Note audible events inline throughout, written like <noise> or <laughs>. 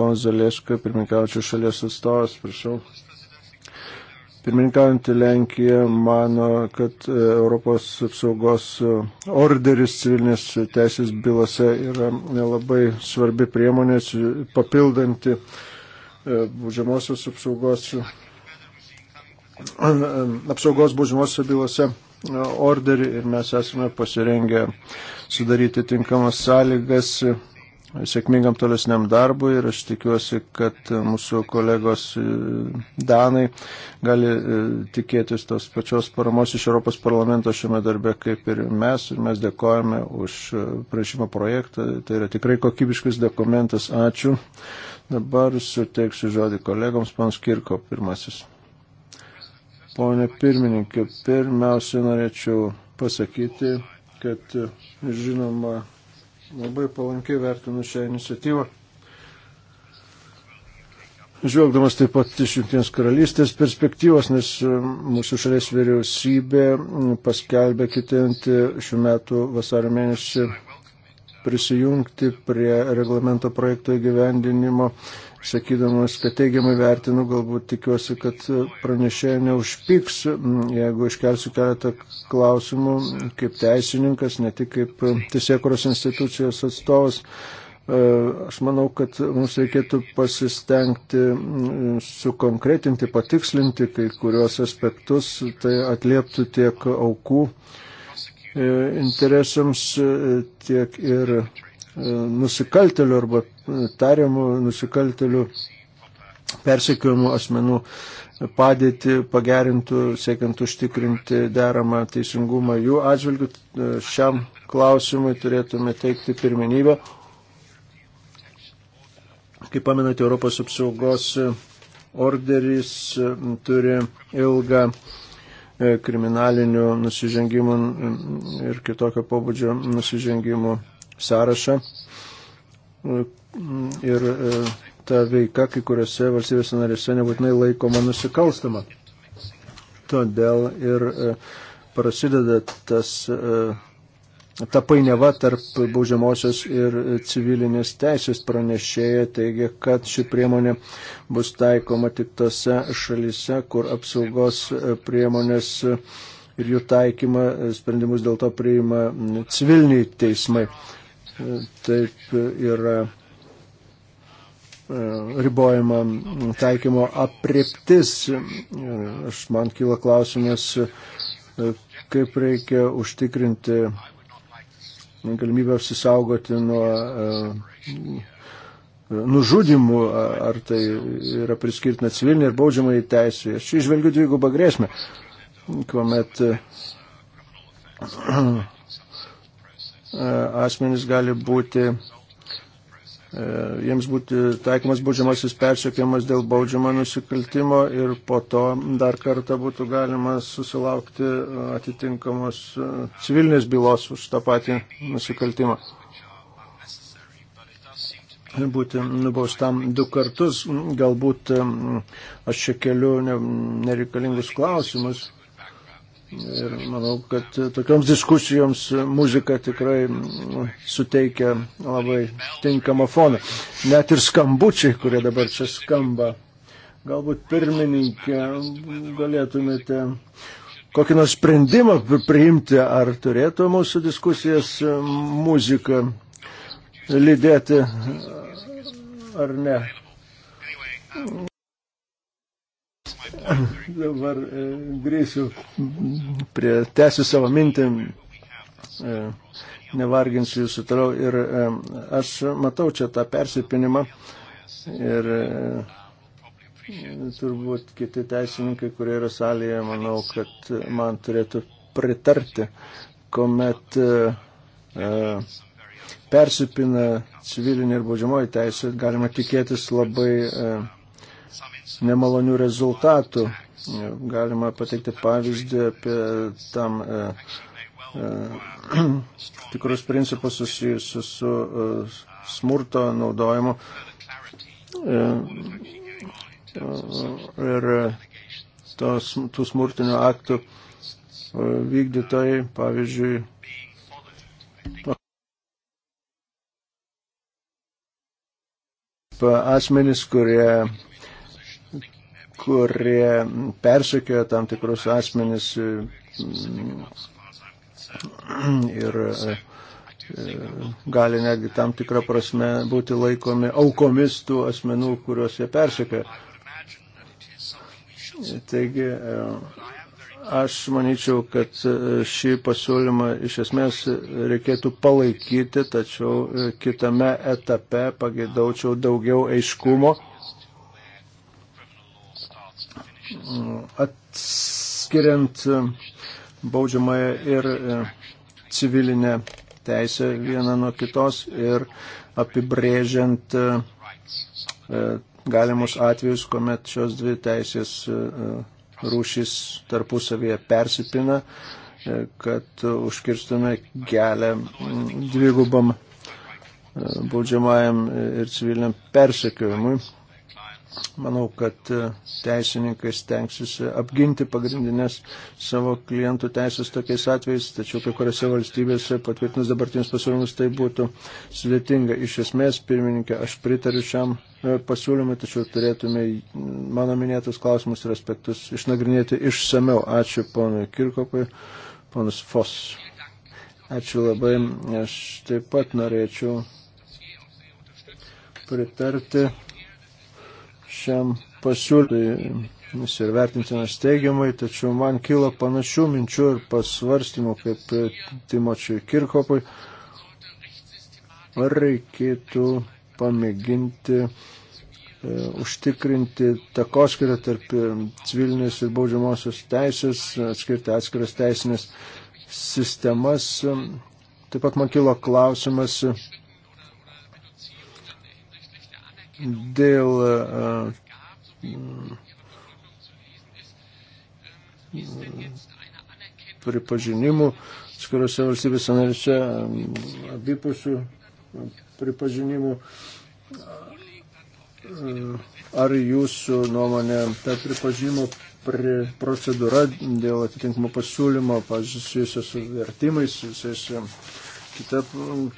Pana Zalėška, pirmininkaučių šalies atstovas, prašau. Pirmininkaujantį Lenkiją mano, kad e, Europos apsaugos e, orderis civilinės teisės bylose yra labai svarbi priemonė, papildanti e, būdžiamosios apsaugos, apsaugos būdžiamosios bylose orderį ir mes esame pasirengę sudaryti tinkamas sąlygas sėkmingam tolesniam darbui ir aš tikiuosi, kad mūsų kolegos e, Danai gali e, tikėtis tos pačios paramos iš Europos parlamento šiame darbe kaip ir mes ir mes dėkojame už e, prašymo projektą. Tai yra tikrai kokybiškas dokumentas. Ačiū. Dabar suteiksiu žodį kolegoms, pans Kirko pirmasis. Pone pirmininkė, pirmiausia norėčiau pasakyti, kad žinoma Labai palankiai vertinu šią iniciatyvą. Žvelgdamas taip pat iš Junktinės karalystės perspektyvos, nes um, mūsų šalies vyriausybė um, paskelbė kitantį šių metų vasario mėnesį prisijungti prie reglamento projekto įgyvendinimo sakydamas, kad teigiamai vertinu, galbūt tikiuosi, kad pranešėja neužpiks, jeigu iškelsiu keletą klausimų kaip teisininkas, ne tik kaip tiesiekuros institucijos atstovas. E, aš manau, kad mums reikėtų pasistengti sukonkretinti, patikslinti kai kurios aspektus, tai atlieptų tiek aukų e, interesams, e, tiek ir E, nusikaltelių arba tariamų nusikaltelių persekiojimų asmenų padėti pagerintų, siekiant užtikrinti deramą teisingumą jų atžvilgių. E, šiam klausimui turėtume teikti pirmenybę. Kaip pamenate, Europos apsaugos orderis e, turi ilgą kriminalinių nusižengimų ir kitokio pobūdžio nusižengimų sąrašą ir e, ta veika kai kuriuose valstybės narėse nebūtinai laikoma nusikalstama. Todėl ir e, prasideda tas, e, ta painiava tarp baudžiamosios ir civilinės teisės pranešėja teigia, kad ši priemonė bus taikoma tik tose šalise, kur apsaugos priemonės ir jų taikymą sprendimus dėl to priima civiliniai teismai taip yra e, ribojama taikymo apriptis. Aš man kyla klausimas, e, kaip reikia užtikrinti galimybę apsisaugoti nuo e, nužudimų, ar tai yra priskirtina civilinė ir baudžiamai teisė. Aš čia išvelgiu dvigubą grėsmę, kuomet E, asmenys gali būti, e, jiems būti taikomas baudžiamasis persiekėjimas dėl baudžiamo nusikaltimo ir po to dar kartą būtų galima susilaukti e, atitinkamos civilinės bylos už tą patį nusikaltimą būti nubaustam du kartus. Galbūt aš čia keliu nereikalingus klausimus, Ir manau, kad tokioms diskusijoms muzika tikrai suteikia labai tinkamą foną. Net ir skambučiai, kurie dabar čia skamba. Galbūt pirmininkė galėtumėte kokį nors sprendimą priimti, ar turėtų mūsų diskusijas muzika lydėti ar ne. Dabar e, grįsiu prie, tęsiu savo mintį, e, nevarginsiu jūsų toliau ir e, aš matau čia tą persipinimą ir turbūt kiti teisininkai, kurie yra salėje, manau, kad man turėtų pritarti, kuomet persipina civilinė ir baudžiamoji teisė, galima tikėtis labai nemalonių rezultatų. Galima pateikti pavyzdį apie tam e, e, <clears throat> tikrus principus susijusius su e, smurto naudojimu. E, e ir tos, tų smurtinių aktų e, vykdytojai, pavyzdžiui, asmenys, kurie kurie persekioja tam tikrus asmenis mm, ir e, gali netgi tam tikrą prasme būti laikomi aukomis tų asmenų, kuriuos jie persekioja. Taigi, e, aš manyčiau, kad e, šį pasiūlymą iš esmės reikėtų palaikyti, tačiau kitame etape pagėdaučiau daugiau aiškumo Mm, atskiriant e, baudžiamąją ir e, civilinę teisę vieną nuo kitos ir apibrėžiant e, galimus atvejus, kuomet šios dvi teisės rūšys tarpusavėje persipina, kad užkirstume kelią mm, dvigubam baudžiamajam ir civiliniam persekiojimui. Manau, kad e, teisininkai stengsis apginti pagrindinės savo klientų teisės tokiais atvejais, tačiau kai kuriuose valstybėse patvirtinus dabartinius pasiūlymus tai būtų sudėtinga. Iš esmės, pirmininkė, aš pritariu šiam e, pasiūlymui, tačiau turėtume mano minėtus klausimus ir aspektus išnagrinėti išsameu. Ačiū ponui Kirkopui, ponas Fos. Ačiū labai. Aš taip pat norėčiau pritarti šiam pasiūlymui. Jis ir vertintinas teigiamai, tačiau man kilo panašių minčių ir pasvarstymų kaip Timočiui Kirkopui. Ar reikėtų pamėginti e, užtikrinti takoskirtą tarp e, civilinės ir baudžiamosios teisės, atskirti atskiras teisinės sistemas. Taip pat man kilo klausimas, dėl e, e, pripažinimų skiriuose valstybės narėse e, abipusių pripažinimų. Ar jūsų nuomonė ta pripažinimo procedūra dėl atitinkamo pasiūlymo, pažiūrėjusio su vertimais, visais kita,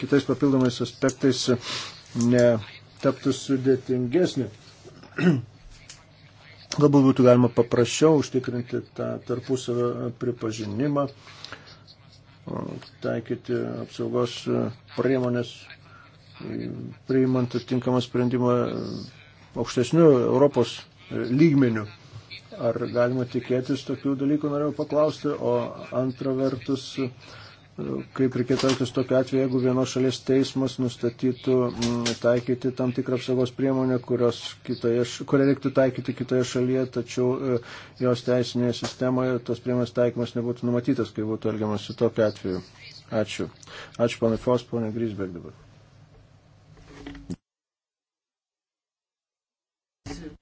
kitais papildomais aspektais ne taptų sudėtingesnė. <clears throat> Galbūt būtų galima paprasčiau užtikrinti tą tarpusavio pripažinimą, taikyti apsaugos priemonės, priimant atitinkamą sprendimą aukštesniu Europos lygmeniu. Ar galima tikėtis tokių dalykų, norėjau paklausti, o antra vertus, kaip reikėtų elgtis tokiu atveju, jeigu vienos šalies teismas nustatytų mm, taikyti tam tikrą apsaugos priemonę, kitoje, kurią reiktų taikyti kitoje šalyje, tačiau e, jos teisinėje sistemoje tos priemonės taikymas nebūtų numatytas, kai būtų elgiamas su tokiu atveju. Ačiū. Ačiū, ponai Fos, ponai Grisbek dabar.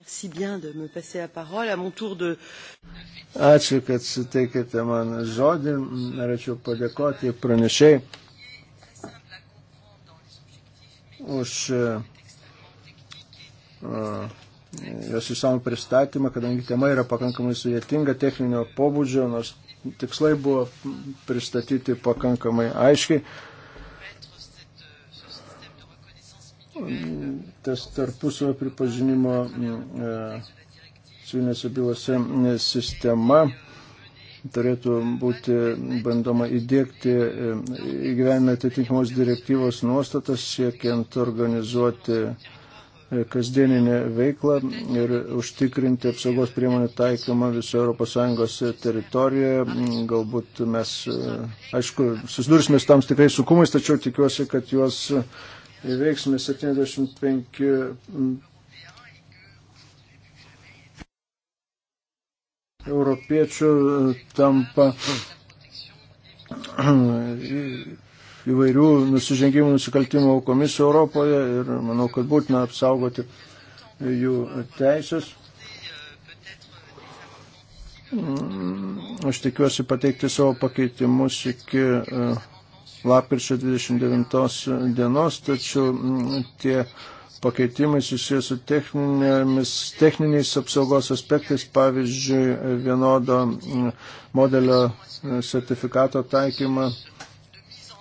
Merci bien de me passer la parole. À mon tour de... Ačiū, kad suteikėte man žodį. Norėčiau padėkoti pranešiai už uh, jos įsamų pristatymą, kadangi tema yra pakankamai sudėtinga techninio pobūdžio, nors tikslai buvo pristatyti pakankamai aiškiai tas tarpusavio pripažinimo e, civilinėse bylose e, sistema turėtų būti bandoma įdėkti e, įgyvenime atitinkamos direktyvos nuostatas, siekiant organizuoti kasdieninę veiklą ir užtikrinti apsaugos priemonių taikymą viso ES teritorijoje. Galbūt mes, aišku, susidursime su tam tikrais sukumais, tačiau tikiuosi, kad juos įveiksime 75 europiečių e, tampa e, įvairių nusižengimų nusikaltimų aukomis Europoje ir manau, kad būtina apsaugoti jų teisės. Mm, aš tikiuosi pateikti savo pakeitimus iki uh, lapkričio 29 dienos, tačiau mm, tie pakeitimai susijęs su techniniais apsaugos aspektais, pavyzdžiui, vienodo mm, modelio e, sertifikato taikymą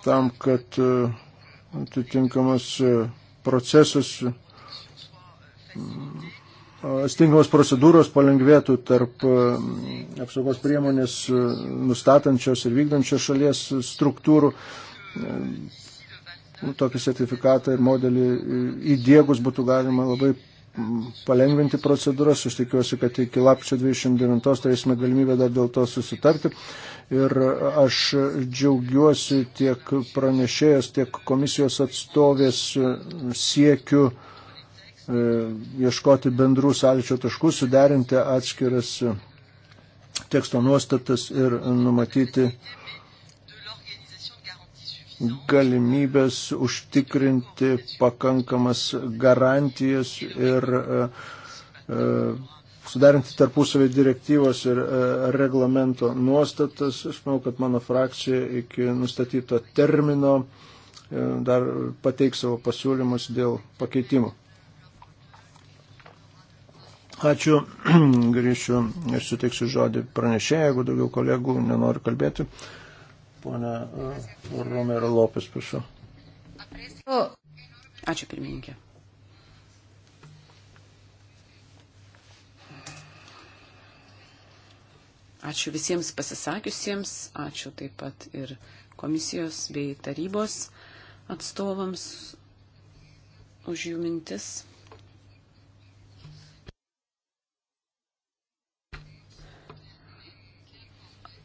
tam, kad e, atitinkamas e, procesas, mm, atitinkamas procedūros palengvėtų tarp apsaugos priemonės nustatančios ir vykdančios šalies struktūrų. Ehm, nu, tokį sertifikatą ir modelį įdėgus būtų galima labai palengventi procedūras. Aš tikiuosi, kad iki lapčio 29 turėsime galimybę dar dėl to susitarti. Ir aš džiaugiuosi tiek pranešėjas, tiek komisijos atstovės siekiu e, ieškoti bendrų sąlyčio taškų, suderinti atskiras teksto nuostatas ir numatyti uh, galimybės užtikrinti pakankamas garantijas ir e, e, sudarinti tarpusavį direktyvos ir e, reglamento nuostatas. Aš manau, kad mano frakcija iki nustatyto termino dar pateiks savo pasiūlymus dėl pakeitimų. Ačiū, <clears throat> grįšiu ir suteiksiu žodį pranešėjai, jeigu daugiau kolegų nenori kalbėti. Pone e, Romero Lopes, prašau. Ačiū pirmininkė. Ačiū visiems pasisakiusiems, ačiū taip pat ir komisijos bei tarybos atstovams už jų mintis.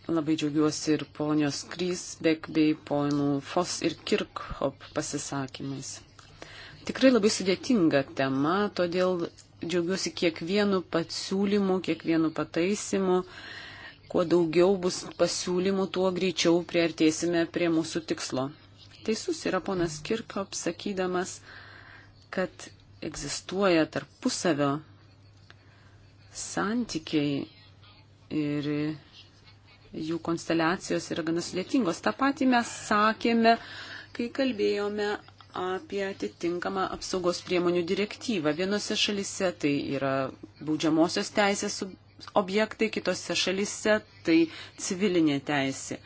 Labai džiaugiuosi ir ponios Krisbek bei ponų Fos ir Kirkhop pasisakymais. Tikrai labai sudėtinga tema, todėl džiaugiuosi kiekvienu pasiūlymu, kiekvienu pataisimu. Kuo daugiau bus pasiūlymų, tuo greičiau priartėsime prie mūsų tikslo. Teisus yra ponas Kirkhop sakydamas, kad egzistuoja tarpusavio santykiai ir jų konsteliacijos yra gana sudėtingos. Ta pati mes sakėme, kai kalbėjome apie atitinkamą apsaugos priemonių direktyvą. Vienose šalise tai yra baudžiamosios teisės objektai, kitose šalise tai civilinė teisė.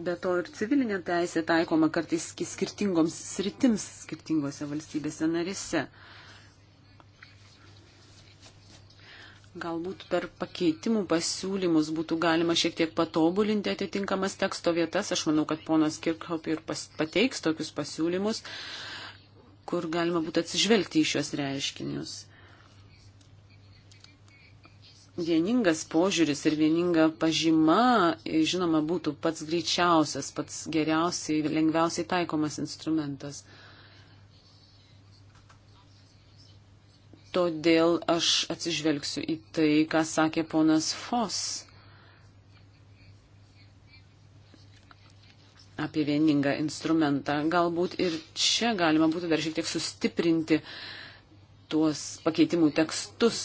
Be to ir civilinė teisė taikoma kartais skirtingoms sritims skirtingose valstybėse narise. Uh, Galbūt per pakeitimų pasiūlymus būtų galima šiek tiek patobulinti atitinkamas teksto vietas. Aš manau, kad ponas Kirkhop ir pas, pateiks tokius pasiūlymus, kur galima būtų atsižvelgti į šios reiškinius. Vieningas požiūris ir vieninga pažyma, žinoma, būtų pats greičiausias, pats geriausiai, lengviausiai taikomas instrumentas. todėl aš atsižvelgsiu į tai, ką sakė ponas Fos apie vieningą instrumentą. Galbūt ir čia galima būtų dar šiek tiek sustiprinti tuos pakeitimų tekstus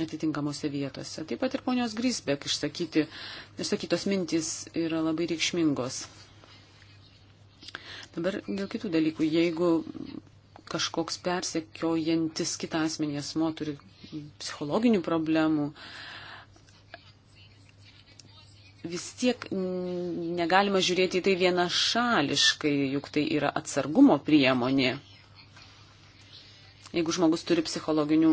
atitinkamose vietose. Taip pat ir ponios Grisbek išsakyti, išsakytos mintys yra labai reikšmingos. Dabar dėl kitų dalykų. Jeigu kažkoks persekiojantis kitą asmenį asmo turi psichologinių problemų. Vis tiek negalima žiūrėti į tai vienašališkai, juk tai yra atsargumo priemonė. Jeigu žmogus turi psichologinių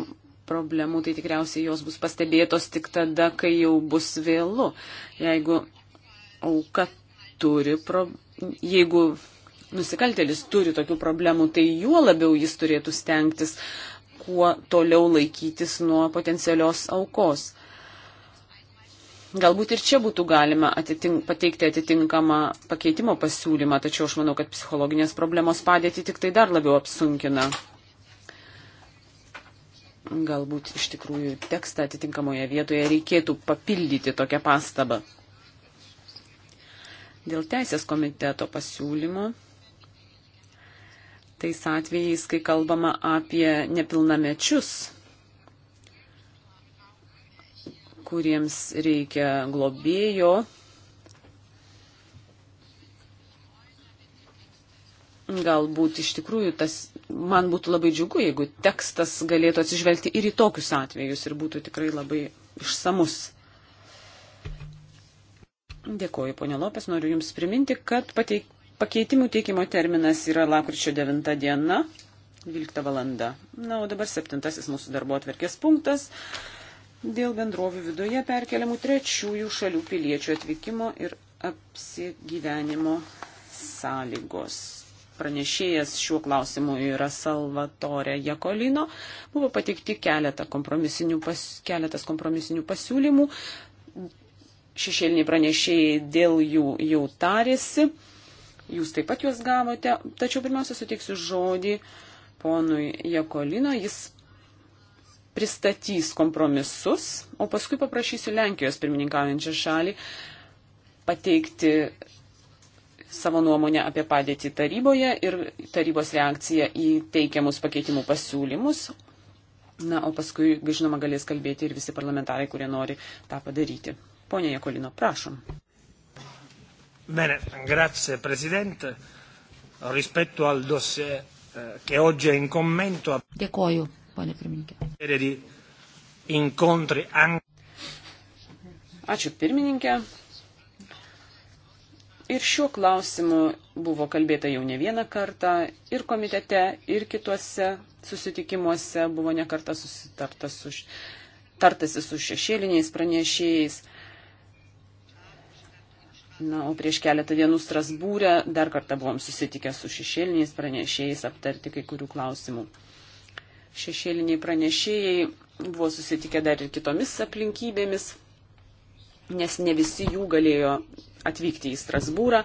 problemų, tai tikriausiai jos bus pastebėtos tik tada, kai jau bus vėlu. Jeigu auka turi, pro, jeigu nusikaltėlis turi tokių problemų, tai juo labiau jis turėtų stengtis kuo toliau laikytis nuo potencialios aukos. Galbūt ir čia būtų galima atitink, pateikti atitinkamą pakeitimo pasiūlymą, tačiau aš manau, kad psichologinės problemos padėtį tik tai dar labiau apsunkina. Galbūt iš tikrųjų tekstą atitinkamoje vietoje reikėtų papildyti tokią pastabą. Dėl teisės komiteto pasiūlymo tais atvejais, kai kalbama apie nepilnamečius, kuriems reikia globėjo. Galbūt iš tikrųjų tas, man būtų labai džiugu, jeigu tekstas galėtų atsižvelgti ir į tokius atvejus ir būtų tikrai labai išsamus. Dėkoju, ponė Lopes, noriu Jums priminti, kad pateik, Pakeitimų teikimo terminas yra lakryčio 9 diena, 12 valanda. Na, o dabar septintasis mūsų darbo atverkės punktas dėl bendrovių viduje perkeliamų trečiųjų šalių piliečių atvykimo ir apsigyvenimo sąlygos. Pranešėjas šiuo klausimu yra Salvatore Jakolino. Buvo pateikti keletą kompromisinių pas, keletas kompromisinių pasiūlymų. Šešėliniai pranešėjai dėl jų jau tarėsi. Jūs taip pat juos gavote, tačiau pirmiausia suteiksiu žodį ponui Jekolino. Jis pristatys kompromisus, o paskui paprašysiu Lenkijos pirmininkaujančią šalį pateikti savo nuomonę apie padėtį taryboje ir tarybos reakciją į teikiamus pakeitimų pasiūlymus. Na, o paskui, žinoma, galės kalbėti ir visi parlamentarai, kurie nori tą padaryti. Pone Jekolino, prašom. Bene, grazie Presidente. Rispetto al dossier eh, che oggi è in commento. Dėkoju, ponė pirmininkė. Incontri anche. Ačiū pirmininkė. Ir šiuo klausimu buvo kalbėta jau ne vieną kartą ir komitete, ir kituose susitikimuose buvo nekarta susitarta su, tartasi su šešėliniais pranešėjais. Na, o prieš keletą dienų Strasbūrė dar kartą buvom susitikę su šešėliniais pranešėjais aptarti kai kurių klausimų. Šešėliniai pranešėjai buvo susitikę dar ir kitomis aplinkybėmis, nes ne visi jų galėjo atvykti į Strasbūrą.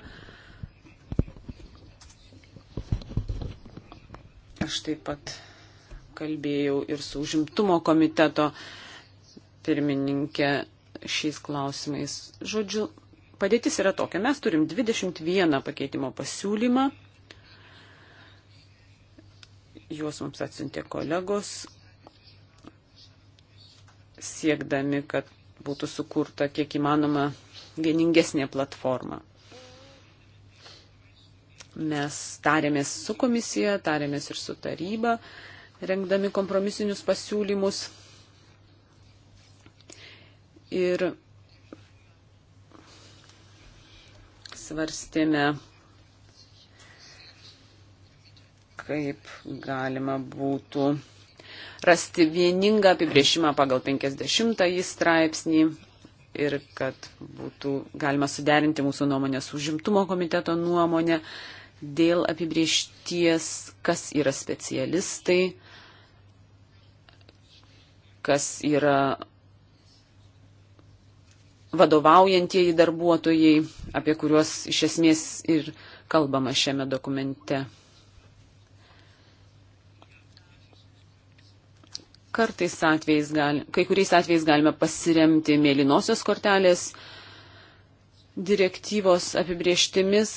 Aš taip pat kalbėjau ir su užimtumo komiteto pirmininkė šiais klausimais. Žodžiu, padėtis yra tokia. Mes turim 21 pakeitimo pasiūlymą. Juos mums atsintė kolegos, siekdami, kad būtų sukurta kiek įmanoma vieningesnė platforma. Mes tarėmės su komisija, tarėmės ir su taryba, rengdami kompromisinius pasiūlymus. Ir svarstėme, kaip galima būtų rasti vieningą apibrėžimą pagal 50 straipsnį ir kad būtų galima suderinti mūsų nuomonę su užimtumo komiteto nuomonė dėl apibriešties, kas yra specialistai, kas yra vadovaujantieji darbuotojai, apie kuriuos iš esmės ir kalbama šiame dokumente. Kartais atvejais gali, kai kuriais atvejais galime pasiremti mėlynosios kortelės direktyvos apibrieštimis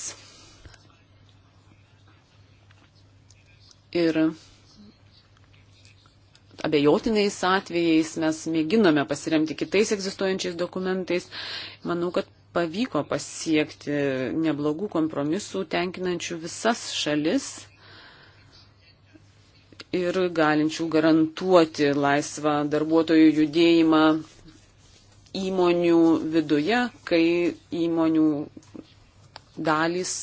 ir abejotinais atvejais, mes mėginome pasiremti kitais egzistuojančiais dokumentais. Manau, kad pavyko pasiekti neblogų kompromisų, tenkinančių visas šalis ir galinčių garantuoti laisvą darbuotojų judėjimą įmonių viduje, kai įmonių dalys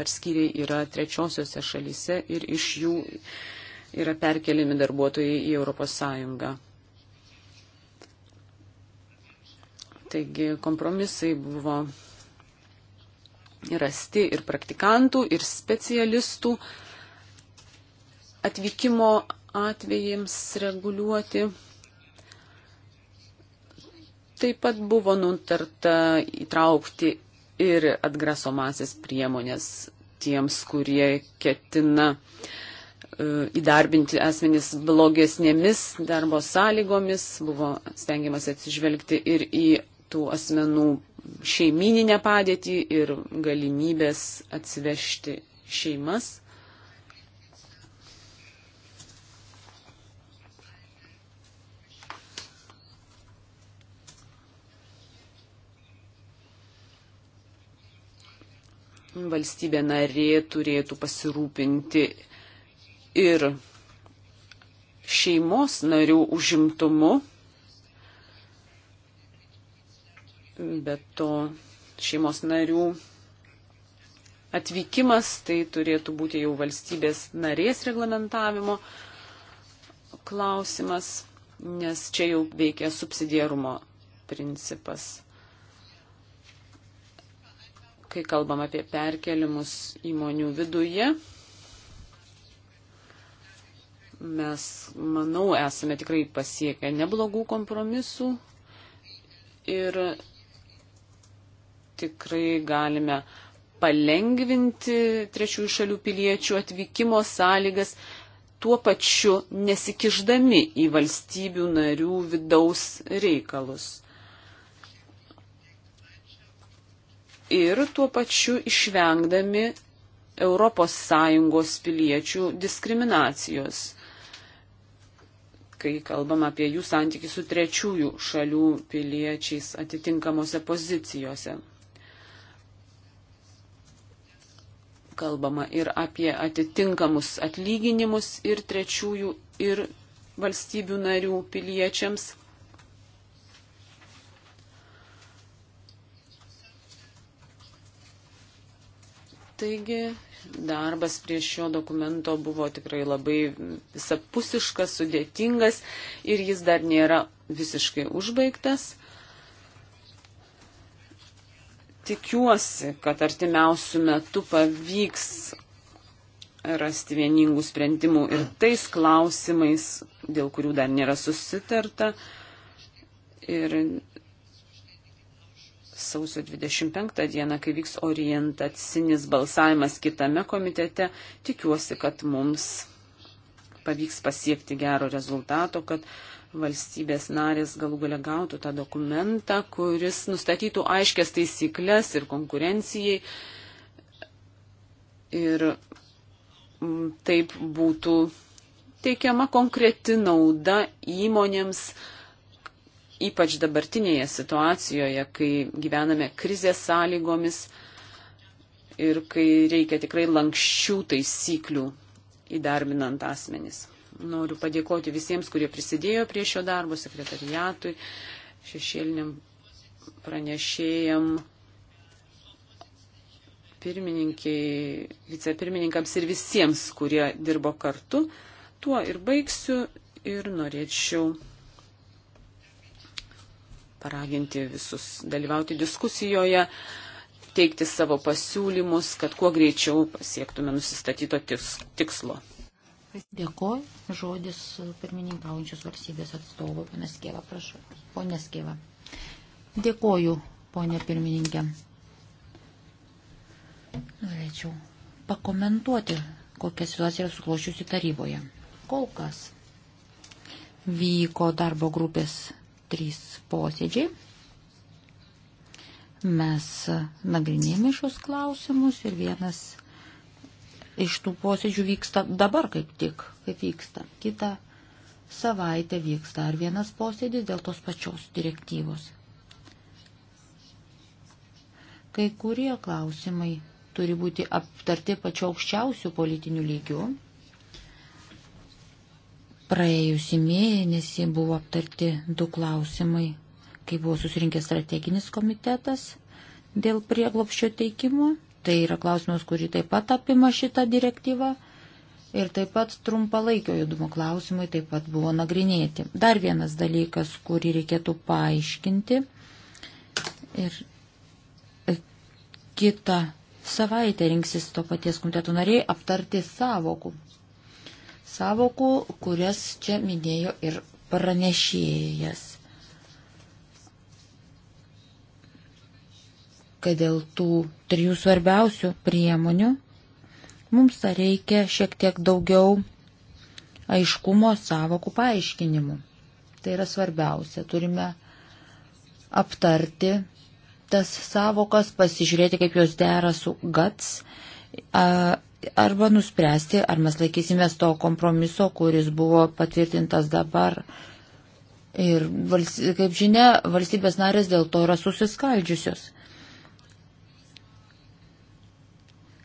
ar skyriai yra trečiosiose šalyse ir iš jų yra perkeliami darbuotojai į Europos Sąjungą. Taigi kompromisai buvo rasti ir praktikantų, ir specialistų atvykimo atvejams reguliuoti. Taip pat buvo nutarta įtraukti ir atgrasomasis priemonės tiems, kurie ketina uh, E, įdarbinti asmenys blogesnėmis darbo sąlygomis, buvo stengiamas atsižvelgti ir į tų asmenų šeimininę padėtį ir galimybės atsivežti šeimas. Valstybė narė turėtų pasirūpinti ir šeimos narių užimtumu. Bet to šeimos narių atvykimas tai turėtų būti jau valstybės narės reglamentavimo klausimas, nes čia jau veikia subsidiarumo principas. Kai kalbam apie perkelimus įmonių viduje, Mes, manau, esame tikrai pasiekę neblogų kompromisų ir tikrai galime palengvinti trečiųjų šalių piliečių atvykimo sąlygas, tuo pačiu nesikiždami į valstybių narių vidaus reikalus. Ir tuo pačiu išvengdami ES piliečių diskriminacijos kai kalbam apie jų santykių su trečiųjų šalių piliečiais atitinkamose pozicijose. Kalbama ir apie atitinkamus atlyginimus ir trečiųjų ir valstybių narių piliečiams. Taigi Darbas prie šio dokumento buvo tikrai labai visapusiškas, sudėtingas ir jis dar nėra visiškai užbaigtas. Tikiuosi, kad artimiausių metų pavyks rasti vieningų sprendimų ir tais klausimais, dėl kurių dar nėra susitarta. Ir sausio 25 dieną, kai vyks orientacinis balsavimas kitame komitete, tikiuosi, kad mums pavyks pasiekti gero rezultato, kad valstybės narės galų gale gautų tą dokumentą, kuris nustatytų aiškias taisyklės ir konkurencijai. Ir mm, taip būtų teikiama konkreti nauda įmonėms, ypač dabartinėje situacijoje, kai gyvename krizės sąlygomis ir kai reikia tikrai lankščių taisyklių įdarbinant asmenis. Noriu padėkoti visiems, kurie prisidėjo prie šio darbo, sekretariatui, šešėliniam pranešėjam, pirmininkiai, vicepirmininkams ir visiems, kurie dirbo kartu. Tuo ir baigsiu ir norėčiau paraginti visus dalyvauti diskusijoje, teikti savo pasiūlymus, kad kuo greičiau pasiektume nusistatyto tikslo. Dėkoju. Žodis pirmininkaujančios valstybės atstovų. Ponas Kėva, prašau. Pone Skėva. Dėkoju, ponė pirmininkė. Norėčiau pakomentuoti, kokia situacija yra suklošiusi taryboje. Kol kas vyko darbo grupės trys posėdžiai. Mes nagrinėjame šios klausimus ir vienas iš tų posėdžių vyksta dabar kaip tik, kaip vyksta. Kita savaitė vyks dar vienas posėdis dėl tos pačios direktyvos. Kai kurie klausimai turi būti aptarti pačiu aukščiausiu politiniu lygiu Praėjusį mėnesį buvo aptarti du klausimai, kai buvo susirinkęs strateginis komitetas dėl prieglopščio teikimo. Tai yra klausimas, kurį taip pat apima šitą direktyvą. Ir taip pat trumpalaikio judumo klausimai taip pat buvo nagrinėti. Dar vienas dalykas, kurį reikėtų paaiškinti. Ir e, kitą savaitę rinksis to paties komiteto nariai aptarti savokų savokų, kurias čia minėjo ir pranešėjas. Kad dėl tų trijų svarbiausių priemonių mums reikia šiek tiek daugiau aiškumo savokų paaiškinimų. Tai yra svarbiausia. Turime aptarti tas savokas, pasižiūrėti, kaip jos dera su GATS arba nuspręsti, ar mes laikysimės to kompromiso, kuris buvo patvirtintas dabar. Ir, kaip žinia, valstybės narės dėl to yra susiskaldžiusios.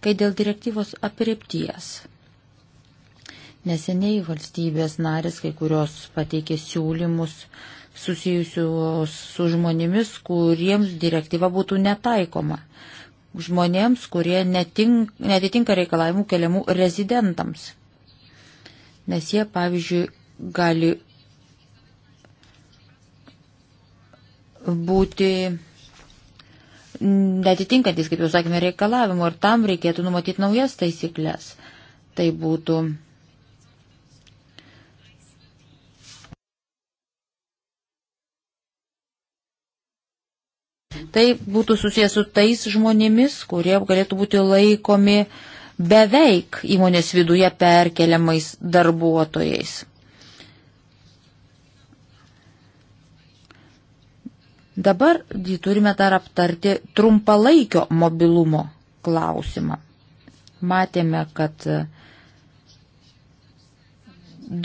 Kai dėl direktyvos apriepties. Neseniai valstybės narės, kai kurios pateikė siūlymus susijusius su žmonėmis, kuriems direktyva būtų netaikoma žmonėms, kurie netink, netitinka reikalavimų keliamų rezidentams. Nes jie, pavyzdžiui, gali būti netitinkantis, kaip jau sakėme, reikalavimų ir tam reikėtų numatyti naujas taisyklės. Tai būtų tai būtų susijęs su tais žmonėmis, kurie galėtų būti laikomi beveik įmonės viduje perkeliamais darbuotojais. Dabar turime dar aptarti trumpalaikio mobilumo klausimą. Matėme, kad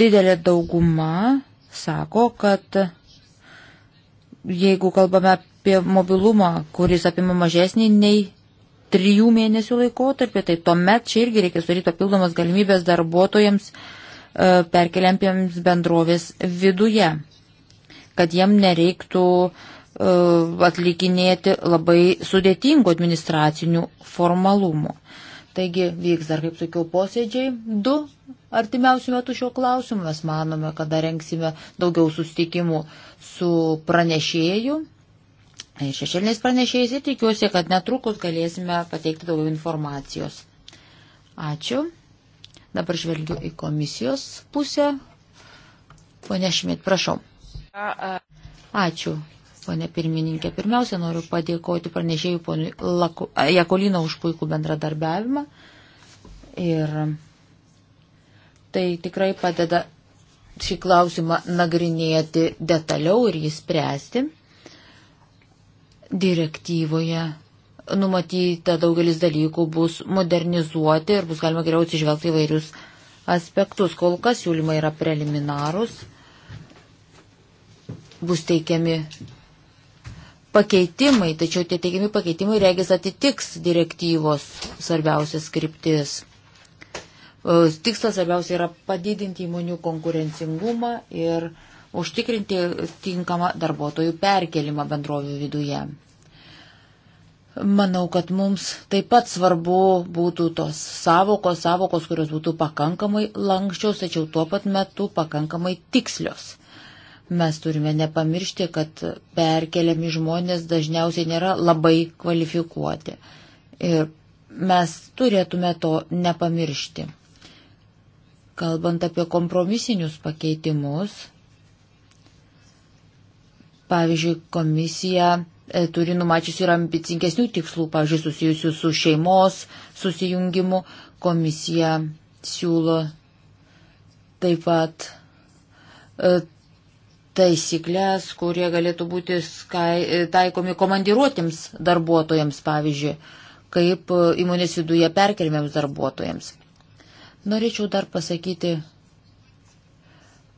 didelė dauguma sako, kad jeigu kalbame apie mobilumą, kuris apima mažesnį nei trijų mėnesių laikotarpį, tai tuomet čia irgi reikia sudaryti papildomas galimybės darbuotojams e, perkeliampiams bendrovės viduje, kad jiem nereiktų e, atlikinėti labai sudėtingų administracinių formalumų. Taigi vyks dar, kaip sakiau, posėdžiai du artimiausių metų šio klausimu. Mes manome, kada renksime daugiau sustikimų su pranešėju šešėliniais pranešėjais ir tikiuosi, kad netrukus galėsime pateikti daugiau informacijos. Ačiū. Dabar žvelgiu į komisijos pusę. Pone Šmit, prašau. Ačiū, ponė pirmininkė. Pirmiausia, noriu padėkoti pranešėjų ponui Jakolino už puikų bendradarbiavimą. Ir tai tikrai padeda šį klausimą nagrinėti detaliau ir jį spręsti direktyvoje numatyta daugelis dalykų bus modernizuoti ir bus galima geriau atsižvelgti įvairius aspektus. Kol kas siūlymai yra preliminarūs, bus teikiami pakeitimai, tačiau tie teikiami pakeitimai regis atitiks direktyvos svarbiausias skriptis. E, tikslas svarbiausia yra padidinti įmonių konkurencingumą ir uh, užtikrinti tinkamą darbuotojų perkelimą bendrovių viduje. Manau, kad mums taip pat svarbu būtų tos savokos, savokos, kurios būtų pakankamai lankščios, tačiau tuo pat metu pakankamai tikslios. Mes turime nepamiršti, kad perkeliami žmonės dažniausiai nėra labai kvalifikuoti. Ir mes turėtume to nepamiršti. Kalbant apie kompromisinius pakeitimus, Pavyzdžiui, komisija e, turi numačiusi ir ambicingesnių tikslų, pavyzdžiui, susijusių su šeimos susijungimu. Komisija siūlo taip pat e, taisyklės, kurie galėtų būti skai, e, taikomi komandiruotėms darbuotojams, pavyzdžiui, kaip įmonės viduje perkelmiams darbuotojams. Norėčiau dar pasakyti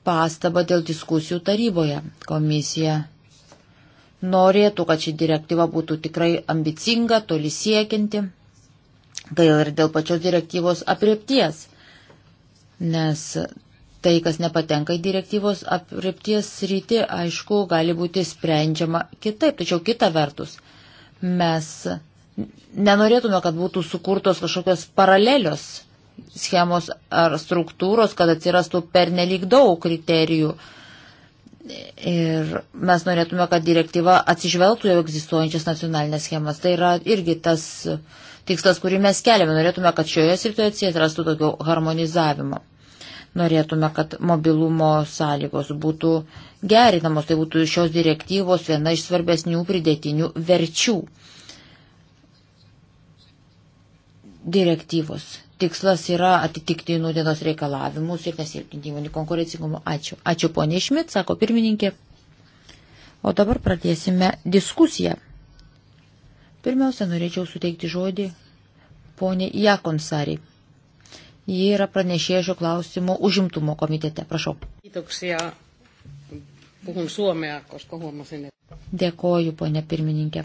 pastabą dėl diskusijų taryboje. Komisija norėtų, kad ši direktyva būtų tikrai ambicinga, toli siekianti, gaila ir dėl pačios direktyvos apriepties, nes tai, kas nepatenka į direktyvos apriepties rytį, aišku, gali būti sprendžiama kitaip, tačiau kita vertus, mes nenorėtume, kad būtų sukurtos kažkokios paralelios schemos ar struktūros, kad atsirastų pernelyg daug kriterijų, uh, Ir mes norėtume, kad direktyva atsižvelgtų jau egzistuojančias nacionalinės schemas. Tai yra irgi tas tikslas, kurį mes keliame. Norėtume, kad šioje srityje atsirastų daugiau harmonizavimo. Norėtume, kad mobilumo sąlygos būtų gerinamos. Tai būtų šios direktyvos viena iš svarbesnių pridėtinių verčių. Direktyvos tikslas yra atitikti nudienos reikalavimus ir nesilpninti įmonių konkurencingumo. Ačiū. Ačiū ponė Šmit, sako pirmininkė. O dabar pradėsime diskusiją. Pirmiausia, norėčiau suteikti žodį ponė Jakonsari. Ji yra pranešėja šio klausimo užimtumo komitete. Prašau. Dėkoju, ponė pirmininkė.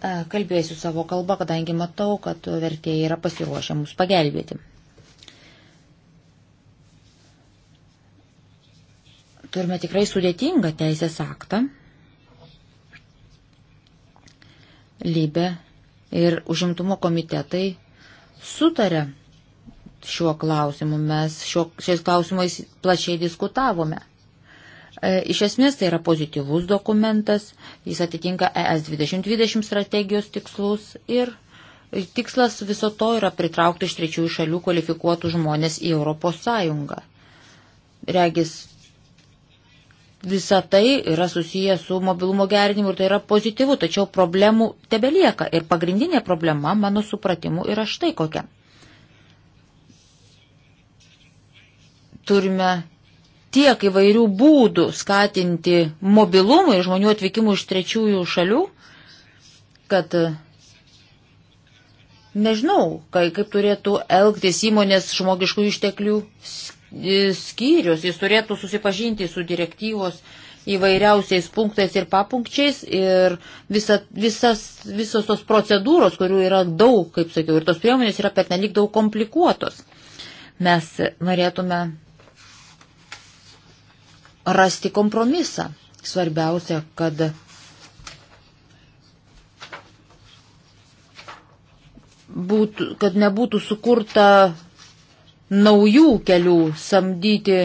E, kalbėsiu savo kalbą, kadangi matau, kad vertėjai yra pasiruošę mus pagelbėti. Turime tikrai sudėtingą teisės aktą. Lybė ir užimtumo komitetai sutarė šiuo klausimu. Mes šiuo, šiais klausimais plačiai diskutavome. E, iš esmės tai yra pozityvus dokumentas, jis atitinka ES 2020 strategijos tikslus ir tikslas viso to yra pritraukti iš trečiųjų šalių kvalifikuotų žmonės į Europos Sąjungą. Regis visa tai yra susiję su mobilumo gerinimu ir tai yra pozityvu, tačiau problemų tebelieka. Ir pagrindinė problema, mano supratimu, yra štai kokia. Turime tiek įvairių būdų skatinti mobilumui žmonių atvykimų iš trečiųjų šalių, kad e, nežinau, kaip turėtų elgtis įmonės žmogiškų išteklių skyrius. Jis turėtų susipažinti su direktyvos įvairiausiais punktais ir papunkčiais ir visa, visas, visos tos procedūros, kurių yra daug, kaip sakiau, ir tos priemonės yra pernelyg daug komplikuotos. Mes norėtume rasti kompromisą. Svarbiausia, kad būtų, kad nebūtų sukurta naujų kelių samdyti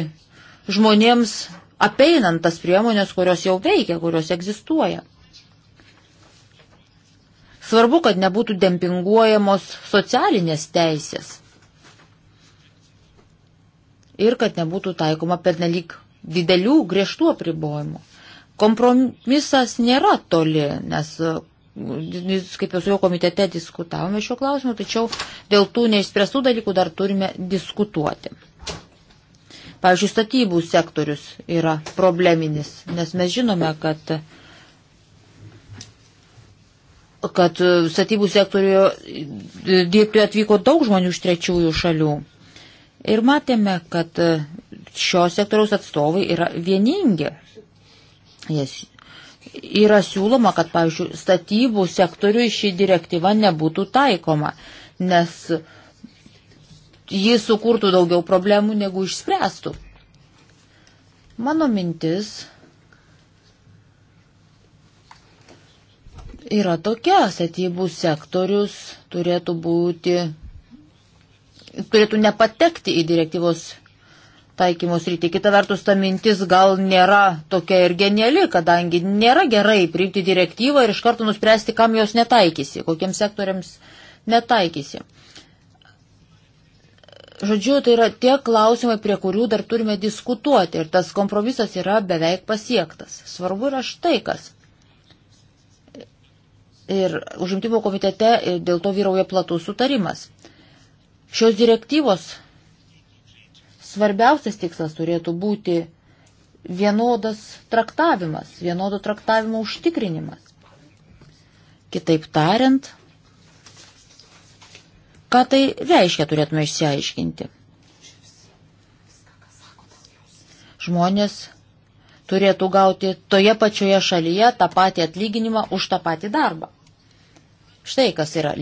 žmonėms apeinant tas priemonės, kurios jau veikia, kurios egzistuoja. Svarbu, kad nebūtų dempinguojamos socialinės teisės ir kad nebūtų taikoma pernelyg didelių griežtų apribojimų. Kompromisas nėra toli, nes e, kaip jau su jo komitete diskutavome šiuo klausimu, tačiau dėl tų neišspręstų dalykų dar turime diskutuoti. Pavyzdžiui, statybų sektorius yra probleminis, nes mes žinome, kad, kad statybų sektoriuje e, dirbti atvyko daug žmonių iš trečiųjų šalių. Ir matėme, kad e, šios sektoriaus atstovai yra vieningi. Jis yra siūloma, kad, pavyzdžiui, statybų sektoriui ši direktyva nebūtų taikoma, nes jis sukurtų daugiau problemų negu išspręstų. Mano mintis yra tokia, statybų sektorius turėtų būti, turėtų nepatekti į direktyvos taikymus rytį. Kita vertus, ta mintis gal nėra tokia ir geniali, kadangi nėra gerai priimti direktyvą ir iš karto nuspręsti, kam jos netaikysi, kokiems sektoriams netaikysi. Žodžiu, tai yra tie klausimai, prie kurių dar turime diskutuoti ir tas kompromisas yra beveik pasiektas. Svarbu yra štai kas. Ir užimtimo komitete dėl to vyrauja platus sutarimas. Šios direktyvos svarbiausias tikslas turėtų būti vienodas traktavimas, vienodo traktavimo užtikrinimas. Kitaip tariant, ką tai reiškia turėtume išsiaiškinti. Žmonės turėtų gauti toje pačioje šalyje tą patį atlyginimą už tą patį darbą. Štai kas yra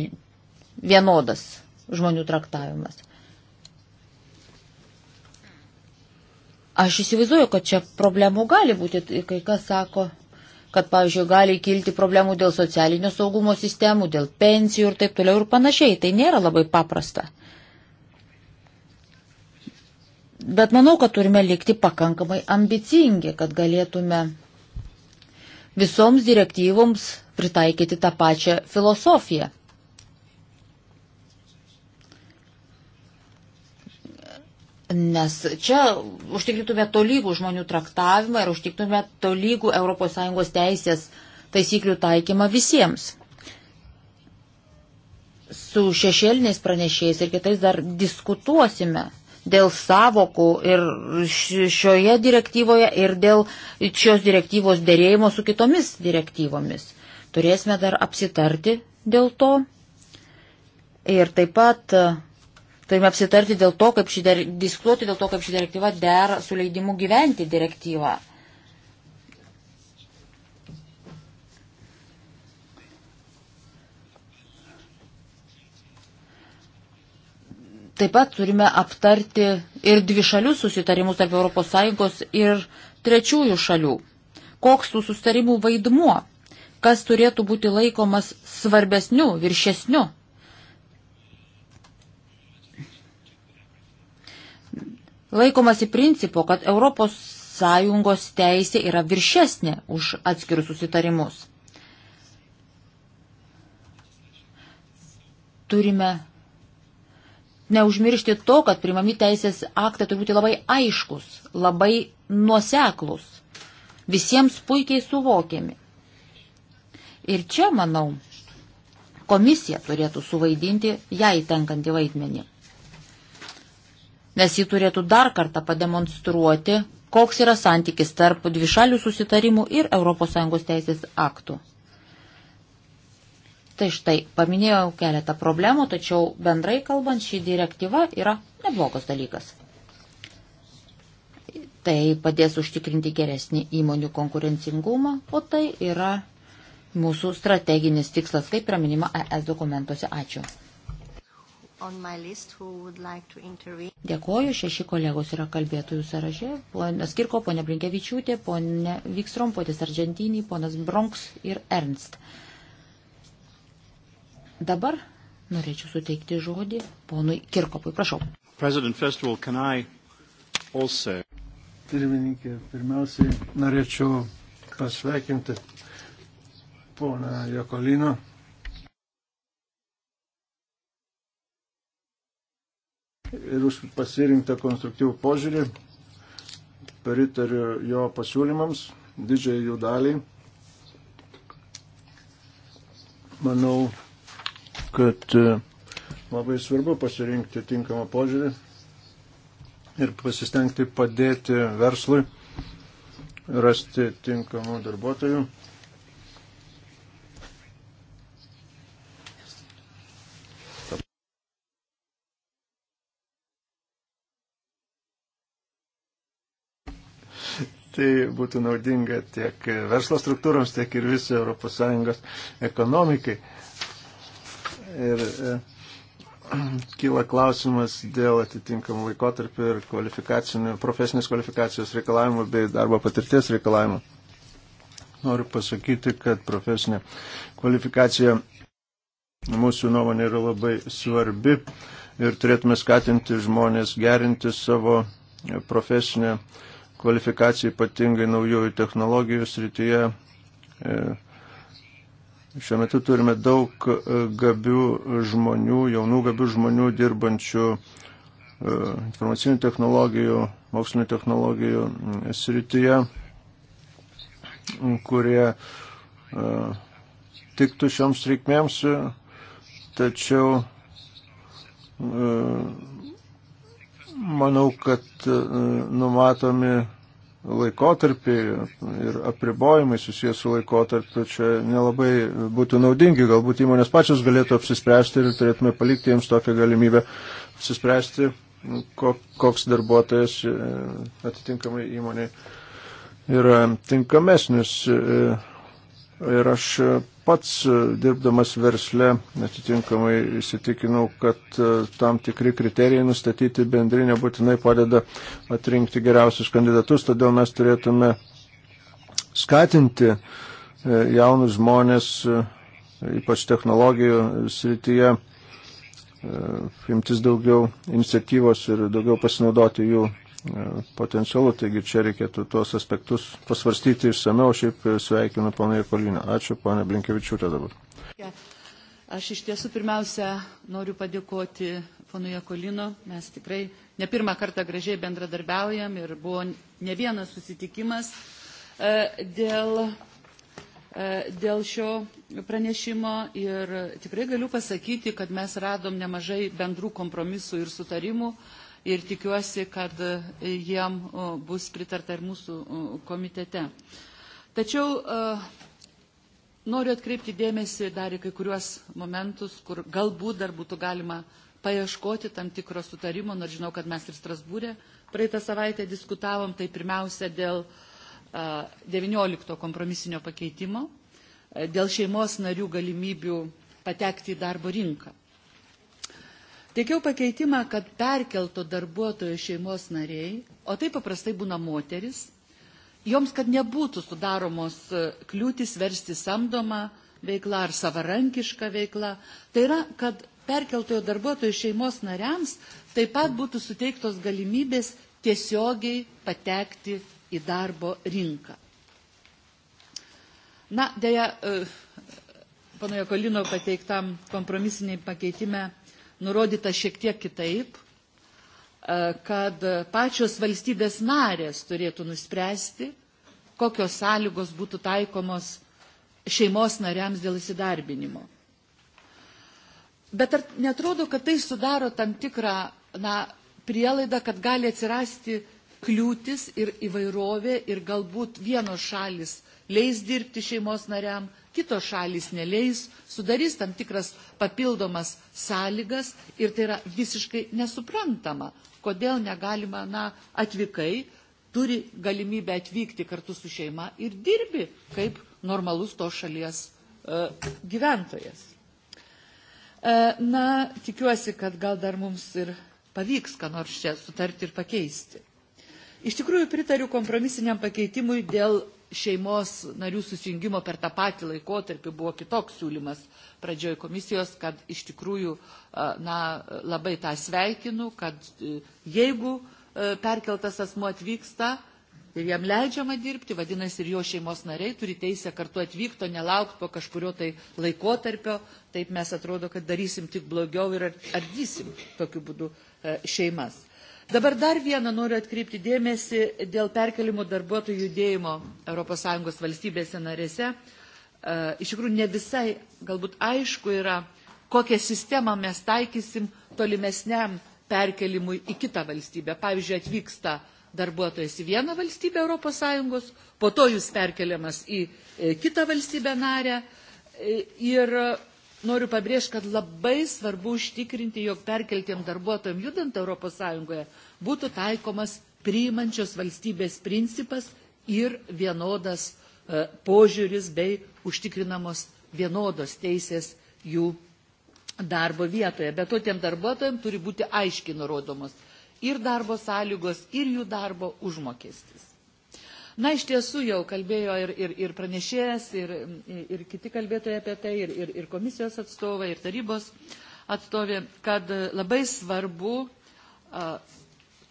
vienodas žmonių traktavimas. Aš įsivaizduoju, kad čia problemų gali būti, tai kai kas sako, kad, pavyzdžiui, gali kilti problemų dėl socialinio saugumo sistemų, dėl pensijų ir taip toliau ir panašiai. Tai nėra labai paprasta. Bet manau, kad turime likti pakankamai ambicingi, kad galėtume visoms direktyvoms pritaikyti tą pačią filosofiją. Nes čia užtikrintume tolygų žmonių traktavimą ir užtikrintume tolygų ES teisės taisyklių taikymą visiems. Su šešėliniais pranešėjais ir kitais dar diskutuosime dėl savokų ir šioje direktyvoje ir dėl šios direktyvos dėrėjimo su kitomis direktyvomis. Turėsime dar apsitarti dėl to. Ir taip pat turime apsitarti dėl to, kaip ši, diskutuoti dėl to, kaip ši direktyva dera su leidimu gyventi direktyva. Taip pat turime aptarti ir dvišalius susitarimus tarp ES ir trečiųjų šalių. Koks tų susitarimų vaidmuo? Kas turėtų būti laikomas svarbesniu, viršesniu laikomasi principo, kad ES teisė yra viršesnė už atskirus susitarimus. Turime neužmiršti to, kad primami teisės aktai turi būti labai aiškus, labai nuoseklus, visiems puikiai suvokiami. Ir čia, manau, komisija turėtų suvaidinti jai tenkantį vaidmenį nes ji turėtų dar kartą pademonstruoti, koks yra santykis tarp dvišalių susitarimų ir ES teisės aktų. Tai štai, paminėjau keletą problemų, tačiau bendrai kalbant, ši direktyva yra neblogas dalykas. Tai padės užtikrinti geresnį įmonių konkurencingumą, o tai yra mūsų strateginis tikslas, kaip yra minima ES dokumentuose. Ačiū. Dėkoju, šeši kolegos yra kalbėtojų sąraše. Ponas Kirko, ponė Blinkevičiūtė, ponė Vikstrom, potis Argentinį, ponas Bronks ir Ernst. Dabar norėčiau suteikti žodį ponui Kirkopui. Prašau. Also... Pirmininkė, pirmiausiai norėčiau pasveikinti poną Jokolino ir už pasirinktą konstruktyvų požiūrį. Pritariu jo pasiūlymams, didžiai jų daliai. Manau, kad e, labai svarbu pasirinkti tinkamą požiūrį ir pasistengti padėti verslui rasti tinkamų darbuotojų. tai būtų naudinga tiek verslo struktūroms, tiek ir visai ES ekonomikai. Ir e, <clears throat> kyla klausimas dėl atitinkamų laikotarpių ir profesinės kvalifikacijos reikalavimų bei darbo patirties reikalavimų. Noriu pasakyti, kad profesinė kvalifikacija mūsų nuomonė yra labai svarbi ir turėtume skatinti žmonės gerinti savo profesinę kvalifikaciją kvalifikacija ypatingai naujųjų technologijų srityje. E, šiuo metu turime daug e, gabių žmonių, jaunų gabių žmonių dirbančių e, informacinių technologijų, mokslinio technologijų srityje, kurie tiktų šioms reikmėms, tačiau Manau, kad e, numatomi laikotarpiai ir apribojimai susijęs su laikotarpiu čia nelabai būtų naudingi. Galbūt įmonės pačios galėtų apsispręsti ir turėtume palikti jiems tokią galimybę apsispręsti, koks darbuotojas e, atitinkamai įmonė yra tinkamesnis. E, Ir aš pats e, dirbdamas versle atitinkamai įsitikinau, kad e, tam tikri kriterijai nustatyti bendri nebūtinai padeda atrinkti geriausius kandidatus, todėl mes turėtume skatinti e, jaunus žmonės, ypač technologijų srityje, imtis daugiau iniciatyvos ir daugiau pasinaudoti jų potencialu, taigi čia reikėtų tuos aspektus pasvarstyti išsameu, šiaip sveikinu ponai Kolinę. Ačiū, ponė Blinkevičiūtė dabar. Aš iš tiesų pirmiausia noriu padėkoti ponui Jakolino, mes tikrai ne pirmą kartą gražiai bendradarbiaujam ir buvo ne vienas susitikimas e, dėl, e, dėl šio pranešimo ir tikrai galiu pasakyti, kad mes radom nemažai bendrų kompromisų ir sutarimų. Uh, ir tikiuosi, kad e, jiem bus pritarta ir mūsų komitete. Tačiau e, noriu atkreipti dėmesį dar į kai kuriuos momentus, kur galbūt dar būtų galima paieškoti tam tikro sutarimo, nors žinau, kad mes ir Strasbūrė praeitą savaitę diskutavom, tai pirmiausia dėl 19 e, kompromisinio pakeitimo, dėl šeimos narių galimybių patekti į darbo rinką. Teikiau pakeitimą, kad perkelto darbuotojo šeimos nariai, o tai paprastai būna moteris, joms, kad nebūtų sudaromos e, kliūtis versti samdomą veiklą ar savarankišką veiklą. Tai yra, kad perkeltojo darbuotojų šeimos nariams taip pat būtų suteiktos galimybės tiesiogiai patekti į darbo rinką. Na, dėja, e, panojo Kolino pateiktam kompromisiniai pakeitime nurodyta šiek tiek kitaip, e, kad pačios valstybės narės turėtų nuspręsti, kokios sąlygos būtų taikomos šeimos nariams dėl įsidarbinimo. Bet ar netrodo, kad tai sudaro tam tikrą na, prielaidą, kad gali atsirasti kliūtis ir įvairovė ir galbūt vienos šalis leis dirbti šeimos nariam, kitos šalis neleis, sudarys tam tikras papildomas sąlygas ir tai yra visiškai nesuprantama, kodėl negalima, na, atvykai, turi galimybę atvykti kartu su šeima ir dirbi kaip normalus to šalies e, gyventojas. E, na, tikiuosi, kad gal dar mums ir pavyks, ką nors čia sutarti ir pakeisti. Iš tikrųjų pritariu kompromisiniam pakeitimui dėl šeimos narių susijungimo per tą patį laikotarpį buvo kitoks siūlymas pradžioj komisijos, kad iš tikrųjų na, labai tą sveikinu, kad e, jeigu e, perkeltas asmuo atvyksta ir jam leidžiama dirbti, vadinasi ir jo šeimos nariai turi teisę kartu atvykto, nelaukti po kažkurio tai laikotarpio, taip mes atrodo, kad darysim tik blogiau ir ardysim tokiu būdu e, šeimas. Dabar dar vieną noriu atkreipti dėmesį dėl perkelimo darbuotojų judėjimo ES valstybėse narėse. E, iš tikrųjų, ne visai galbūt aišku yra, kokią sistemą mes taikysim tolimesniam perkelimui į kitą valstybę. Pavyzdžiui, atvyksta darbuotojas į vieną valstybę ES, po to jūs perkeliamas į e, kitą valstybę narę. E, ir noriu pabrėžti, kad labai svarbu užtikrinti, jog perkeltiem darbuotojim judant ES būtų taikomas priimančios valstybės principas ir vienodas e, požiūris bei užtikrinamos vienodos teisės jų darbo vietoje. Bet to tiem darbuotojim turi būti aiškiai nurodomos ir darbo sąlygos, ir jų darbo užmokestis. Na, iš tiesų jau kalbėjo ir, ir, ir pranešėjas, ir, ir kiti kalbėtojai apie tai, ir, ir, ir komisijos atstovai, ir tarybos atstovė, kad labai svarbu a,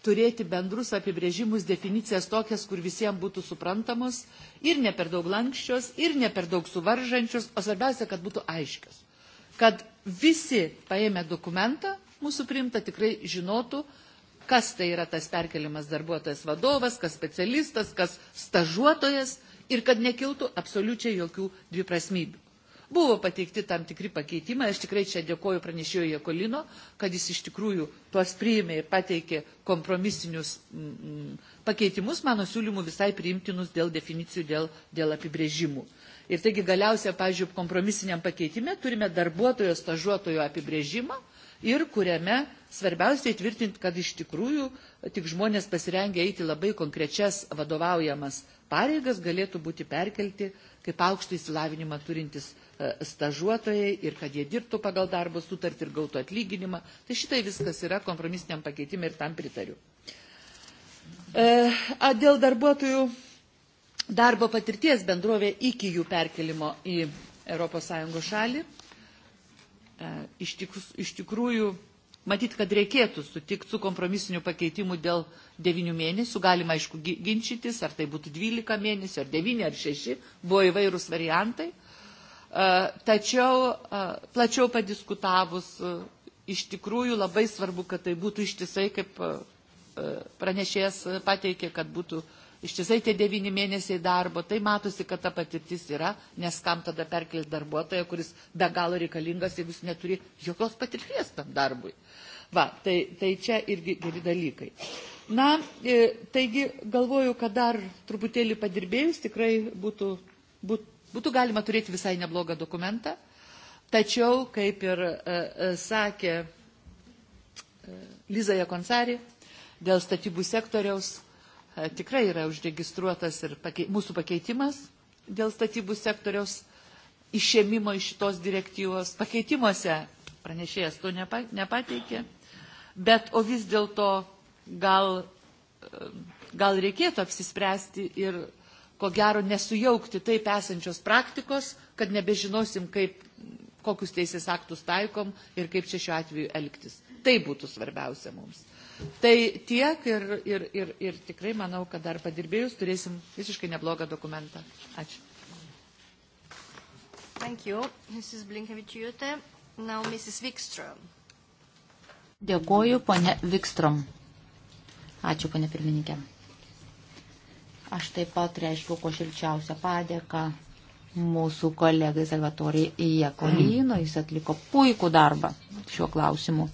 turėti bendrus apibrėžimus, definicijas tokias, kur visiems būtų suprantamos ir ne per daug lankščios, ir ne per daug suvaržančios, o svarbiausia, kad būtų aiškios. Kad visi paėmę dokumentą mūsų priimta tikrai žinotų, uh, kas tai yra tas perkeliamas darbuotojas vadovas, kas specialistas, kas stažuotojas ir kad nekiltų absoliučiai jokių dviprasmybių. Buvo pateikti tam tikri pakeitimai, aš tikrai čia dėkoju pranešėjo Jekolino, kad jis iš tikrųjų tuos priėmė ir pateikė kompromisinius mm, mm, pakeitimus, mano siūlymų visai priimtinus dėl definicijų, dėl, dėl apibrėžimų. Ir taigi galiausia, pažiūrėjau, kompromisiniam pakeitime turime darbuotojo stažuotojo apibrėžimą, ir kuriame svarbiausia įtvirtinti, kad iš tikrųjų tik žmonės pasirengę eiti labai konkrečias vadovaujamas pareigas galėtų būti perkelti kaip aukštą įsilavinimą turintis e, stažuotojai ir kad jie dirbtų pagal darbo sutartį ir gautų atlyginimą. Tai šitai viskas yra kompromisiniam pakeitimui ir tam pritariu. E, a, dėl darbuotojų darbo patirties bendrovė iki jų perkelimo į ES šalį E, iš, tikus, iš tikrųjų matyt, kad reikėtų sutikti su kompromisiniu pakeitimu dėl 9 mėnesių. Galima, aišku, ginčytis, ar tai būtų 12 mėnesių, ar 9, ar 6, buvo įvairūs variantai. E, tačiau e, plačiau padiskutavus, iš tikrųjų labai svarbu, kad tai būtų ištisai, kaip pranešėjas pateikė, kad būtų uh, ištisai tie devyni mėnesiai darbo, tai matosi, kad ta patirtis yra, nes kam tada perkelti darbuotoją, kuris be galo reikalingas, jeigu jis neturi jokios patirties tam darbui. Va, tai, tai čia irgi geri dalykai. Na, e, taigi galvoju, kad dar truputėlį padirbėjus tikrai būtų, būt, būtų galima turėti visai neblogą dokumentą. Tačiau, kaip ir e, e, sakė e, Liza Jekonsari, dėl statybų sektoriaus E, tikrai yra užregistruotas ir pakei, mūsų pakeitimas dėl statybų sektoriaus išėmimo iš šitos direktyvos. Pakeitimuose pranešėjas to nepa, nepateikė, bet o vis dėlto gal, e, gal reikėtų apsispręsti ir ko gero nesujaukti taip esančios praktikos, kad nebežinosim, kaip, kokius teisės aktus taikom ir kaip čia šiuo atveju elgtis. Tai būtų svarbiausia mums. Tai tiek ir, ir, ir, ir tikrai manau, kad dar padirbėjus turėsim visiškai neblogą dokumentą. Ačiū. Thank you, Mrs. Blinkevičiūtė. Now Mrs. Wikström. Dėkoju, ponė Wikstrom. Ačiū, ponė pirmininkė. Aš taip pat reiškiu ko šilčiausią padėką mūsų kolegai Salvatorijai Jekolino. Jis atliko puikų darbą šiuo klausimu.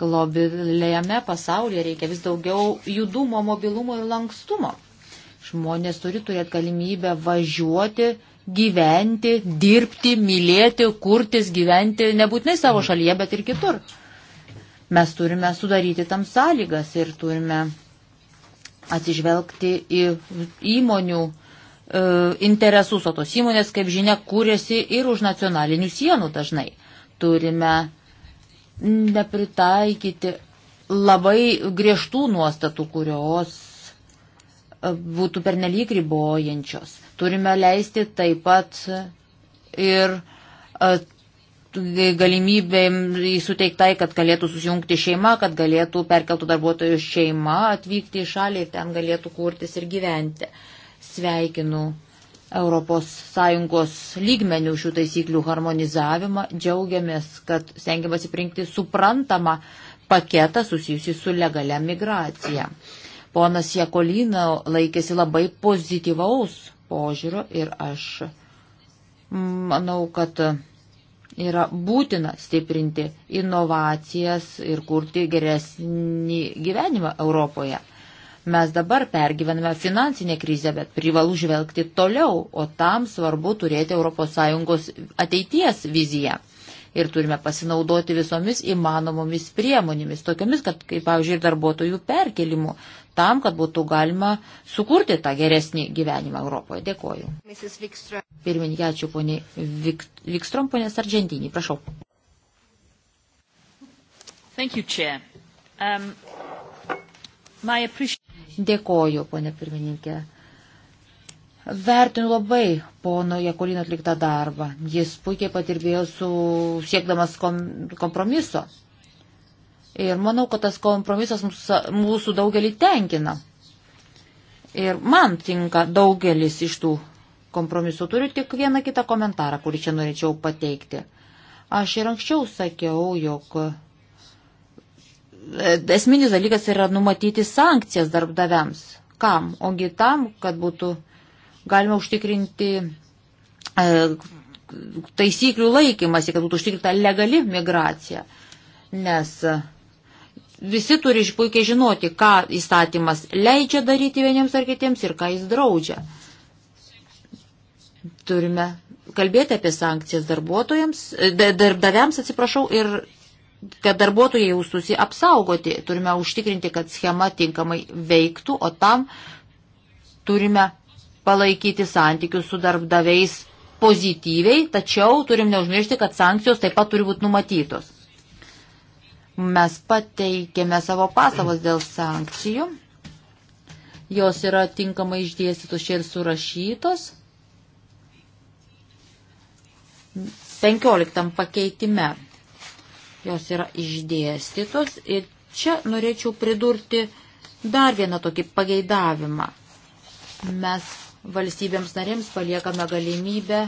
Globilėjame pasaulyje reikia vis daugiau judumo, mobilumo ir lankstumo. Žmonės turi turėti galimybę važiuoti, gyventi, dirbti, mylėti, kurtis, gyventi nebūtinai savo šalyje, bet ir kitur. Mes turime sudaryti tam sąlygas ir turime atsižvelgti į įmonių e, interesus, o tos įmonės, kaip žinia, kūrėsi ir už nacionalinių sienų dažnai. Turime nepritaikyti labai griežtų nuostatų, kurios e, būtų pernelyg ribojančios. Turime leisti taip pat ir e, galimybė suteiktai, kad galėtų susijungti šeima, kad galėtų perkeltų darbuotojų šeima atvykti į šalį ir ten galėtų kurtis ir gyventi. Sveikinu ES lygmenių šių taisyklių harmonizavimą. Džiaugiamės, kad stengiamasi prinkti suprantamą paketą susijusi su legalia migracija. Ponas Jekolina laikėsi labai pozityvaus požiūrio ir aš manau, kad yra būtina stiprinti inovacijas ir kurti geresnį gyvenimą Europoje. Mes dabar pergyvename finansinę krizę, bet privalu žvelgti toliau, o tam svarbu turėti ES ateities viziją. Ir turime pasinaudoti visomis įmanomomis priemonėmis, tokiamis, kad, kaip pavyzdžiui, ir darbuotojų perkelimu, tam, kad būtų galima sukurti tą geresnį gyvenimą Europoje. Dėkoju. Pirmininkė, ačiū poniai Vikstrom, ponės Argentinį, prašau. Thank you, Chair. Um, my appreciation. Dėkoju, ponė pirmininkė. Vertinu labai pono Jekolino atliktą darbą. Jis puikiai patirbėjo su siekdamas kom, kompromiso. Ir manau, kad tas kompromisas mūsų, mūsų daugelį tenkina. Ir man tinka daugelis iš tų kompromisų. Turiu tik vieną kitą komentarą, kurį čia norėčiau pateikti. Aš ir anksčiau sakiau, jog esminis dalykas yra numatyti sankcijas darbdaviams. Kam? Ogi tam, kad būtų galima užtikrinti e, taisyklių laikymasi, kad būtų užtikrinta legali migracija. Nes e, visi turi puikiai žinoti, ką įstatymas leidžia daryti vieniems ar kitiems ir ką jis draudžia. Turime kalbėti apie sankcijas darbuotojams, e, darbdaviams, atsiprašau, ir kad darbuotojai jaustųsi apsaugoti. Turime užtikrinti, kad schema tinkamai veiktų, o tam turime palaikyti santykius su darbdaviais pozityviai, tačiau turim neužmiršti, kad sankcijos taip pat turi būti numatytos. Mes pateikėme savo pasavas dėl sankcijų. Jos yra tinkamai išdėstytos čia ir surašytos. 15 pakeitime jos yra išdėstytos ir čia norėčiau pridurti dar vieną tokį pageidavimą. Mes valstybėms narėms paliekame galimybę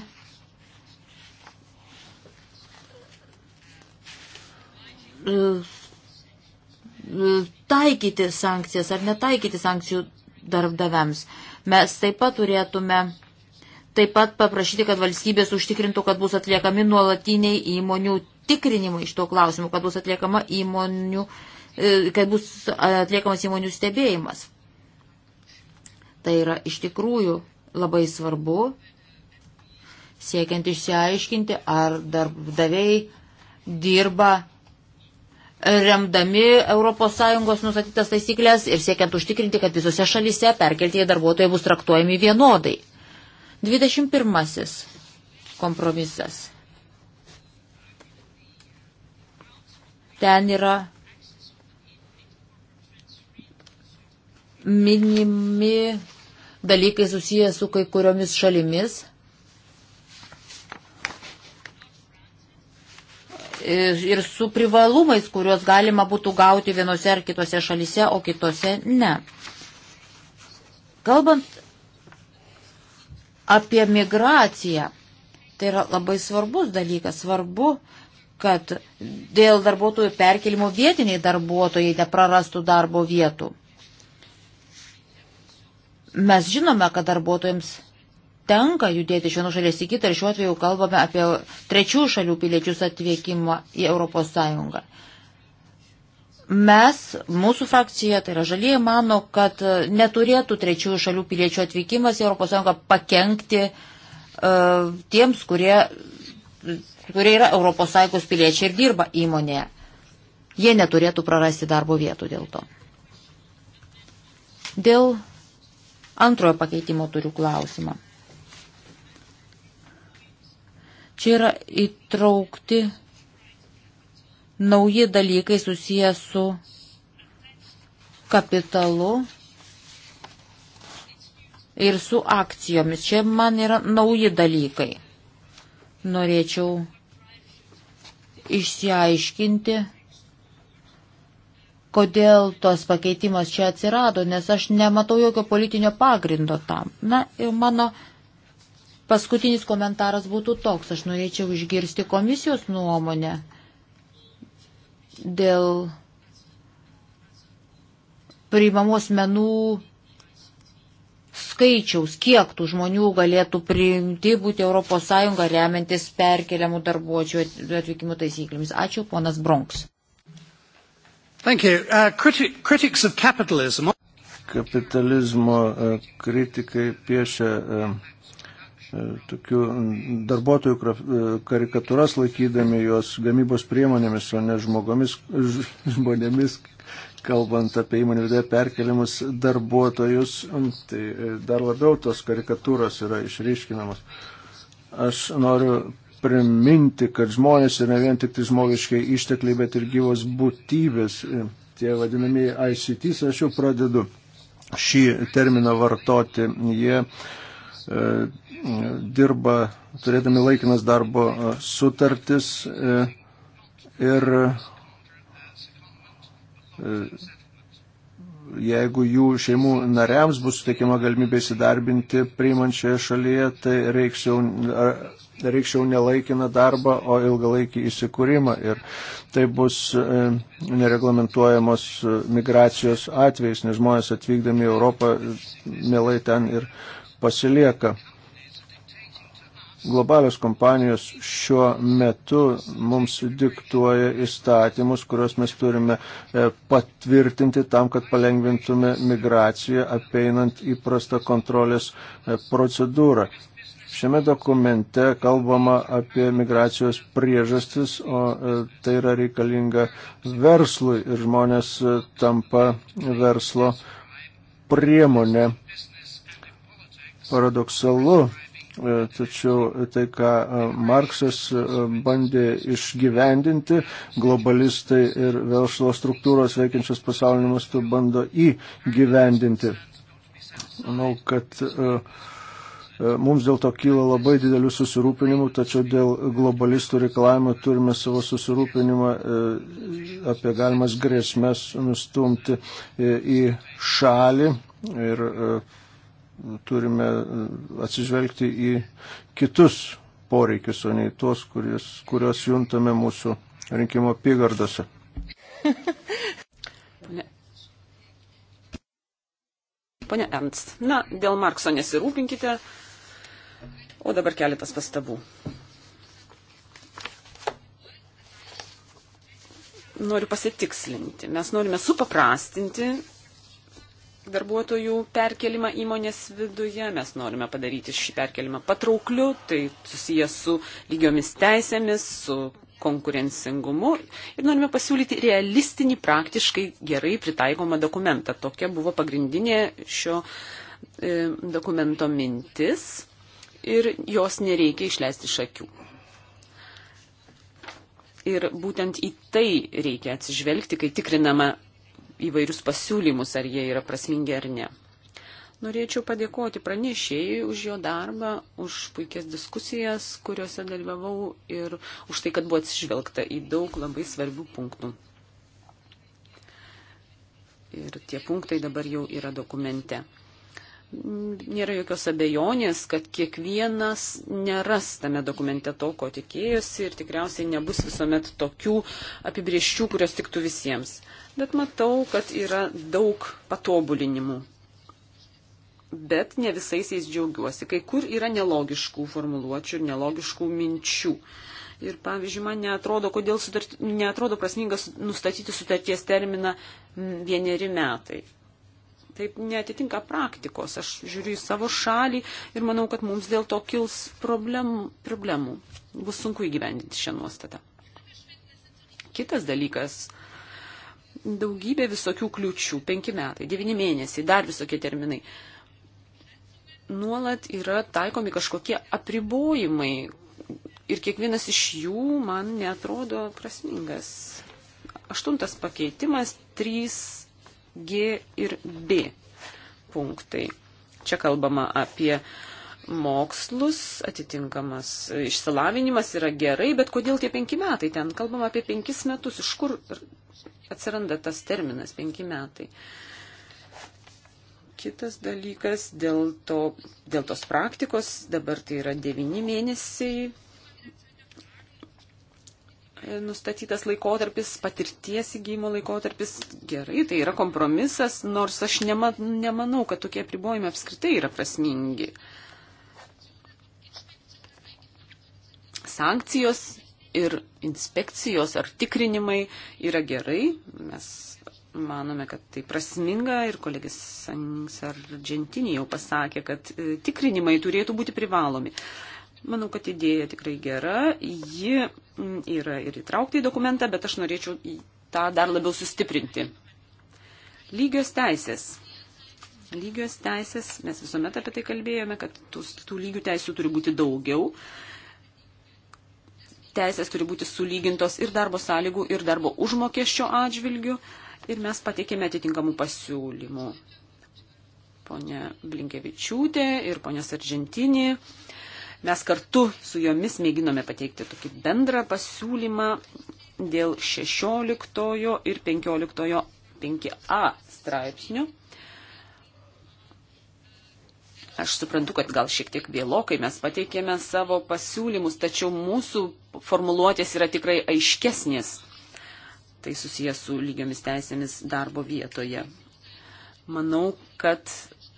taikyti sankcijas ar netaikyti sankcijų darbdaviams. Mes taip pat turėtume taip pat paprašyti, kad valstybės užtikrintų, kad bus atliekami nuolatiniai įmonių patikrinimai iš to klausimų, kad bus atliekama įmonių, e, kad bus atliekamas įmonių stebėjimas. Tai yra iš tikrųjų labai svarbu, siekiant išsiaiškinti, ar darbdaviai dirba e, remdami ES nusatytas taisyklės ir siekiant užtikrinti, kad visose šalise perkeltieji darbuotojai bus traktuojami vienodai. 21. kompromisas. Ten yra minimi dalykai susijęs su kai kuriomis šalimis. Ir su privalumais, kuriuos galima būtų gauti vienose ar kitose šalise, o kitose ne. Kalbant apie migraciją, tai yra labai svarbus dalykas. Svarbu, kad dėl darbuotojų perkelimo vietiniai darbuotojai neprarastų darbo vietų. Mes žinome, kad darbuotojams tenka judėti iš vienos šalies į kitą ir šiuo atveju kalbame apie trečių šalių piliečius atvykimą į Europos Sąjungą. Mes, mūsų frakcija, tai yra žalieji, mano, kad neturėtų trečiųjų šalių piliečių atvykimas į ES pakenkti uh, tiems, kurie kurie yra ES piliečiai ir dirba įmonėje. Jie neturėtų prarasti darbo vietų dėl to. Dėl antrojo pakeitimo turiu klausimą. Čia yra įtraukti nauji dalykai susiję su kapitalu ir su akcijomis. Čia man yra nauji dalykai. Norėčiau išsiaiškinti, kodėl tos pakeitimas čia atsirado, nes aš nematau jokio politinio pagrindo tam. Na ir mano paskutinis komentaras būtų toks, aš norėčiau išgirsti komisijos nuomonę dėl priimamos menų skaičiaus, kiek tų žmonių galėtų priimti būti ES remiantis perkeliamų darbuotojų atvykimų taisyklėmis. Ačiū, ponas Bronks. Uh, criti Kapitalizmo uh, kritikai piešia um, uh, tokių um, darbuotojų uh, karikatūras laikydami juos gamybos priemonėmis, o ne žmogomis, <laughs> žmonėmis, kalbant apie įmonių viduje perkeliamus darbuotojus, tai dar labiau tos karikatūros yra išryškinamos. Aš noriu priminti, kad žmonės yra ne vien tik tai žmogiškai ištekliai, bet ir gyvos būtybės, tie vadinamieji ICTs, aš jau pradedu šį terminą vartoti. Jie e, dirba turėdami laikinas darbo e, sutartis e, ir E, jeigu jų šeimų nariams bus suteikiama galimybė įsidarbinti priimančioje šalyje, tai reiks jau, reiks jau nelaikiną darbą, o ilgalaikį įsikūrimą. Ir tai bus e, nereglamentuojamos e, migracijos atvejais, nes žmonės atvykdami į Europą mielai ten ir pasilieka globalios kompanijos šiuo metu mums diktuoja įstatymus, kuriuos mes turime e, patvirtinti tam, kad palengvintume migraciją apeinant įprastą kontrolės e, procedūrą. Šiame dokumente kalbama apie migracijos priežastis, o e, tai yra reikalinga verslui ir žmonės tampa verslo priemonė. Paradoksalu, E, tačiau tai, ką e, Marksas e, bandė išgyvendinti, globalistai ir verslo struktūros veikiančios pasauliniu mastu bando įgyvendinti. Manau, kad mums dėl to kyla labai didelių susirūpinimų, tačiau dėl globalistų reikalavimo turime savo susirūpinimą apie galimas grėsmės nustumti į šalį. Ir uh, turime e, atsižvelgti į kitus poreikius, o ne į tuos, kurios, kurios juntame mūsų rinkimo apygardose. <laughs> Pone. Pone Ernst, na, dėl Markso nesirūpinkite, o dabar keletas pastabų. Noriu pasitikslinti. Mes norime supaprastinti darbuotojų perkelimą įmonės viduje. Mes norime padaryti šį perkelimą patraukliu, tai susijęs su lygiomis teisėmis, su konkurencingumu ir norime pasiūlyti realistinį, praktiškai gerai pritaikomą dokumentą. Tokia buvo pagrindinė šio e, dokumento mintis ir jos nereikia išleisti iš akių. Ir būtent į tai reikia atsižvelgti, kai tikrinama įvairius pasiūlymus, ar jie yra prasmingi ar ne. Norėčiau padėkoti pranešėjai už jo darbą, už puikias diskusijas, kuriuose dalyvavau ir už tai, kad buvo atsižvelgta į daug labai svarbių punktų. Ir tie punktai dabar jau yra dokumente nėra jokios abejonės, kad kiekvienas neras tame dokumente to, ko tikėjosi ir tikriausiai nebus visuomet tokių apibrieščių, kurios tiktų visiems. Bet matau, kad yra daug patobulinimų. Bet ne visais jais džiaugiuosi. Kai kur yra nelogiškų formuluočių ir nelogiškų minčių. Ir pavyzdžiui, man neatrodo, kodėl sutart... neatrodo prasmingas nustatyti sutarties terminą vieneri metai taip netitinka praktikos. Aš žiūriu į savo šalį ir manau, kad mums dėl to kils problem, problemų. Bus sunku įgyvendinti šią nuostatą. Kitas dalykas. Daugybė visokių kliučių, penki metai, devyni mėnesiai, dar visokie terminai nuolat yra taikomi kažkokie apribojimai ir kiekvienas iš jų man netrodo prasmingas. Aštuntas pakeitimas, trys G ir B punktai. Čia kalbama apie mokslus, atitinkamas išsilavinimas yra gerai, bet kodėl tie penki metai? Ten kalbama apie penkis metus. Iš kur atsiranda tas terminas penki metai? Kitas dalykas, dėl, to, dėl tos praktikos dabar tai yra devyni mėnesiai nustatytas laikotarpis, patirties įgymo laikotarpis, gerai, tai yra kompromisas, nors aš nema, nemanau, kad tokie pribojimai apskritai yra prasmingi. Sankcijos ir inspekcijos ar tikrinimai yra gerai, mes manome, kad tai prasminga ir kolegis Sansargentinį jau pasakė, kad e, tikrinimai turėtų būti privalomi. Uh, Manau, kad idėja tikrai gera, ji mm, yra ir įtraukta į dokumentą, bet aš norėčiau tą dar labiau sustiprinti. Lygios teisės. Lygios teisės, mes visuomet apie tai kalbėjome, kad tų, tų lygių teisų turi būti daugiau. Teisės turi būti sulygintos ir darbo sąlygų, ir darbo užmokesčio atžvilgių. Ir mes pateikėme atitinkamų pasiūlymų. Pone Blinkevičiūtė ir pone Sargentinė Mes kartu su jomis mėginome pateikti tokį bendrą pasiūlymą dėl 16 ir 15 5a straipsnių. Aš suprantu, kad gal šiek tiek vėlokai mes pateikėme savo pasiūlymus, tačiau mūsų formuluotės yra tikrai aiškesnės. Tai susijęs su lygiomis teisėmis darbo vietoje. Manau, kad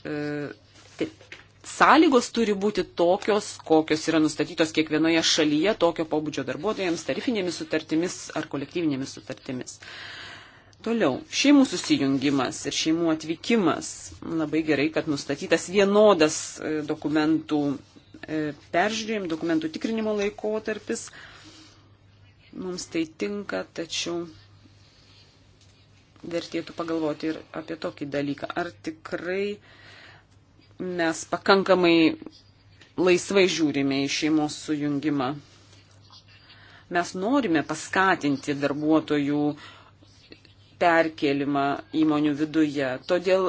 e, sąlygos turi būti tokios, kokios yra nustatytos kiekvienoje šalyje tokio pobūdžio darbuotojams tarifinėmis sutartimis ar kolektyvinėmis sutartimis. Toliau, šeimų susijungimas ir šeimų atvykimas. Labai gerai, kad nustatytas vienodas e, dokumentų e, peržiūrėjim, dokumentų tikrinimo laikotarpis. Mums tai tinka, tačiau vertėtų pagalvoti ir apie tokį dalyką. Ar tikrai uh, mes pakankamai laisvai žiūrime į šeimos sujungimą. Mes norime paskatinti darbuotojų perkelimą įmonių viduje. Todėl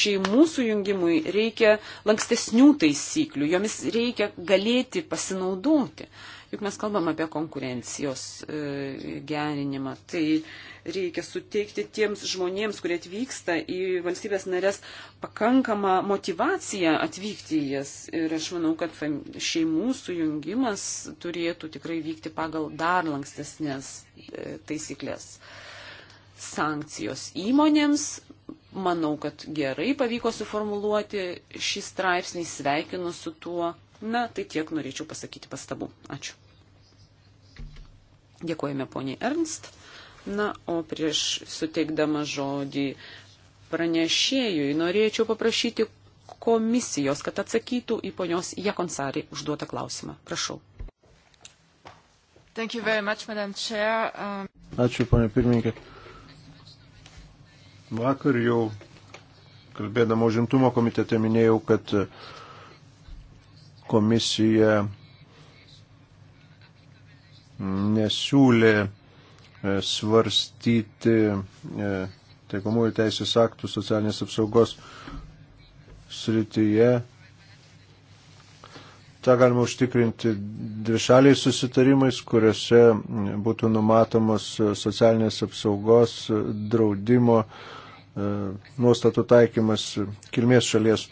šeimų sujungimui reikia lankstesnių taisyklių, jomis reikia galėti pasinaudoti. Uh, juk mes kalbam apie konkurencijos e, gerinimą. Tai reikia suteikti tiems žmonėms, kurie atvyksta į valstybės narės, pakankamą motivaciją atvykti į jas. Ir aš manau, kad šeimų sujungimas turėtų tikrai vykti pagal dar lankstesnės e, taisyklės. Sankcijos įmonėms manau, kad gerai pavyko suformuluoti šį straipsnį, sveikinu su tuo. Na, tai tiek norėčiau pasakyti pastabų. Ačiū. Dėkojame poniai Ernst. Na, o prieš suteikdama žodį pranešėjui norėčiau paprašyti komisijos, kad atsakytų į ponios Jekonsarį užduotą klausimą. Prašau. Much, um... Ačiū, ponė pirmininkė. Vakar jau kalbėdama užimtumo komitete minėjau, kad uh, komisija nesiūlė e, svarstyti e, taikomųjų teisės aktų socialinės apsaugos srityje. Ta galima užtikrinti dvišaliai susitarimais, kuriuose būtų numatomos socialinės apsaugos draudimo e, nuostatų taikymas kilmės šalies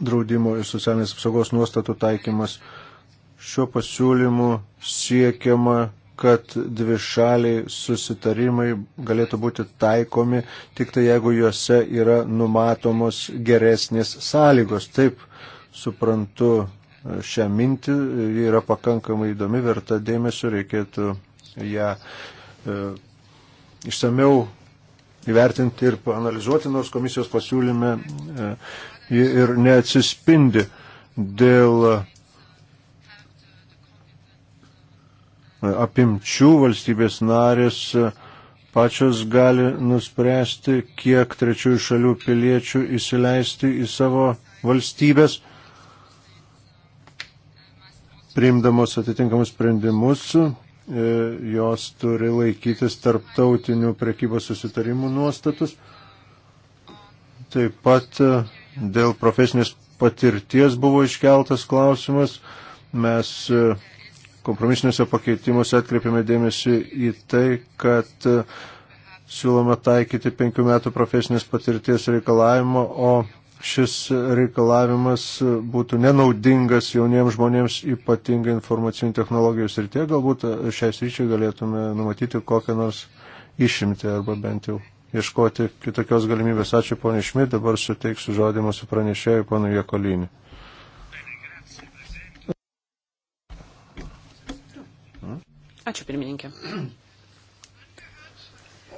draudimo ir socialinės apsaugos nuostatų taikymas. Šiuo pasiūlymu siekiama, kad dvi šaliai susitarimai galėtų būti taikomi tik tai jeigu juose yra numatomos geresnės sąlygos. Taip, suprantu šią mintį, ji yra pakankamai įdomi, verta dėmesio, reikėtų ją e, išsameu įvertinti ir panalizuoti, nors komisijos pasiūlyme e, ji ir neatsispindi dėl e, apimčių valstybės narės e, pačios gali nuspręsti, kiek trečiųjų šalių piliečių įsileisti į savo valstybės, priimdamos atitinkamus sprendimus, e, jos turi laikytis tarptautinių prekybos susitarimų nuostatus. Taip pat Dėl profesinės patirties buvo iškeltas klausimas. Mes e, kompromisiniuose pakeitimuose atkreipėme dėmesį į tai, kad e, siūloma taikyti penkių metų profesinės patirties reikalavimą, o šis reikalavimas būtų nenaudingas jauniems žmonėms ypatingai informacinių technologijų srityje. Galbūt e, šiai sričiai galėtume numatyti kokią nors išimtį arba bent jau ieškoti kitokios galimybės. Ačiū ponė Šmit, dabar suteiksiu žodį mūsų pranešėjui ponui Jekolinį. Ačiū pirmininkė.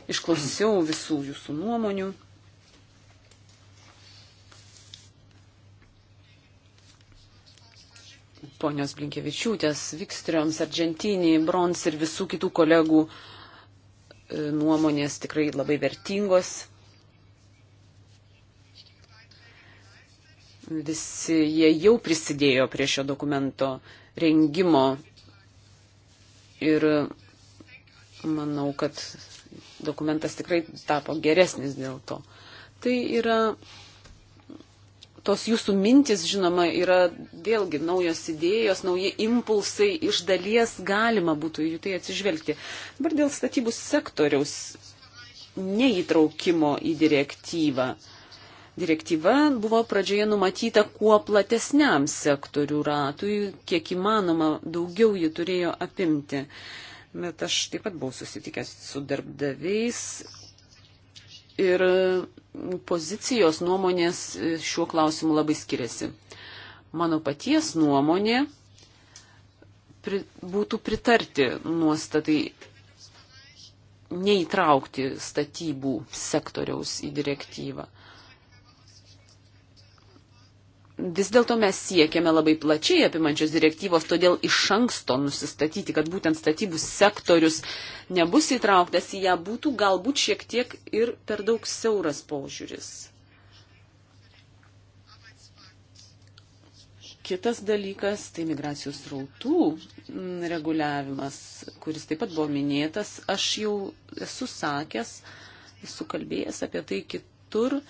Išklausiau visų jūsų nuomonių. Ponios Blinkevičiūtės, Vikstrijoms, Argentinijai, Brons ir visų kitų kolegų uh, nuomonės tikrai labai vertingos. Visi jie jau prisidėjo prie šio dokumento rengimo ir manau, kad dokumentas tikrai tapo geresnis dėl to. Tai yra tos jūsų mintis, žinoma, yra vėlgi naujos idėjos, nauji impulsai, iš dalies galima būtų jų tai atsižvelgti. Dabar dėl statybų sektoriaus neįtraukimo į direktyvą. Direktyva buvo pradžioje numatyta kuo platesniam sektorių ratui, kiek įmanoma daugiau ji turėjo apimti. Bet aš taip pat buvau susitikęs su darbdaviais, ir e, pozicijos nuomonės e, šiuo klausimu labai skiriasi. Mano paties nuomonė pri, būtų pritarti nuostatai neįtraukti statybų sektoriaus į direktyvą vis dėlto mes siekiame labai plačiai apimančios direktyvos, todėl iš anksto nusistatyti, kad būtent statybų sektorius nebus įtrauktas į ją, būtų galbūt šiek tiek ir per daug siauras požiūris. Kitas dalykas - tai migracijos rautų mm, reguliavimas, kuris taip pat buvo minėtas. Aš jau esu sakęs, esu kalbėjęs apie tai kitur. Uh,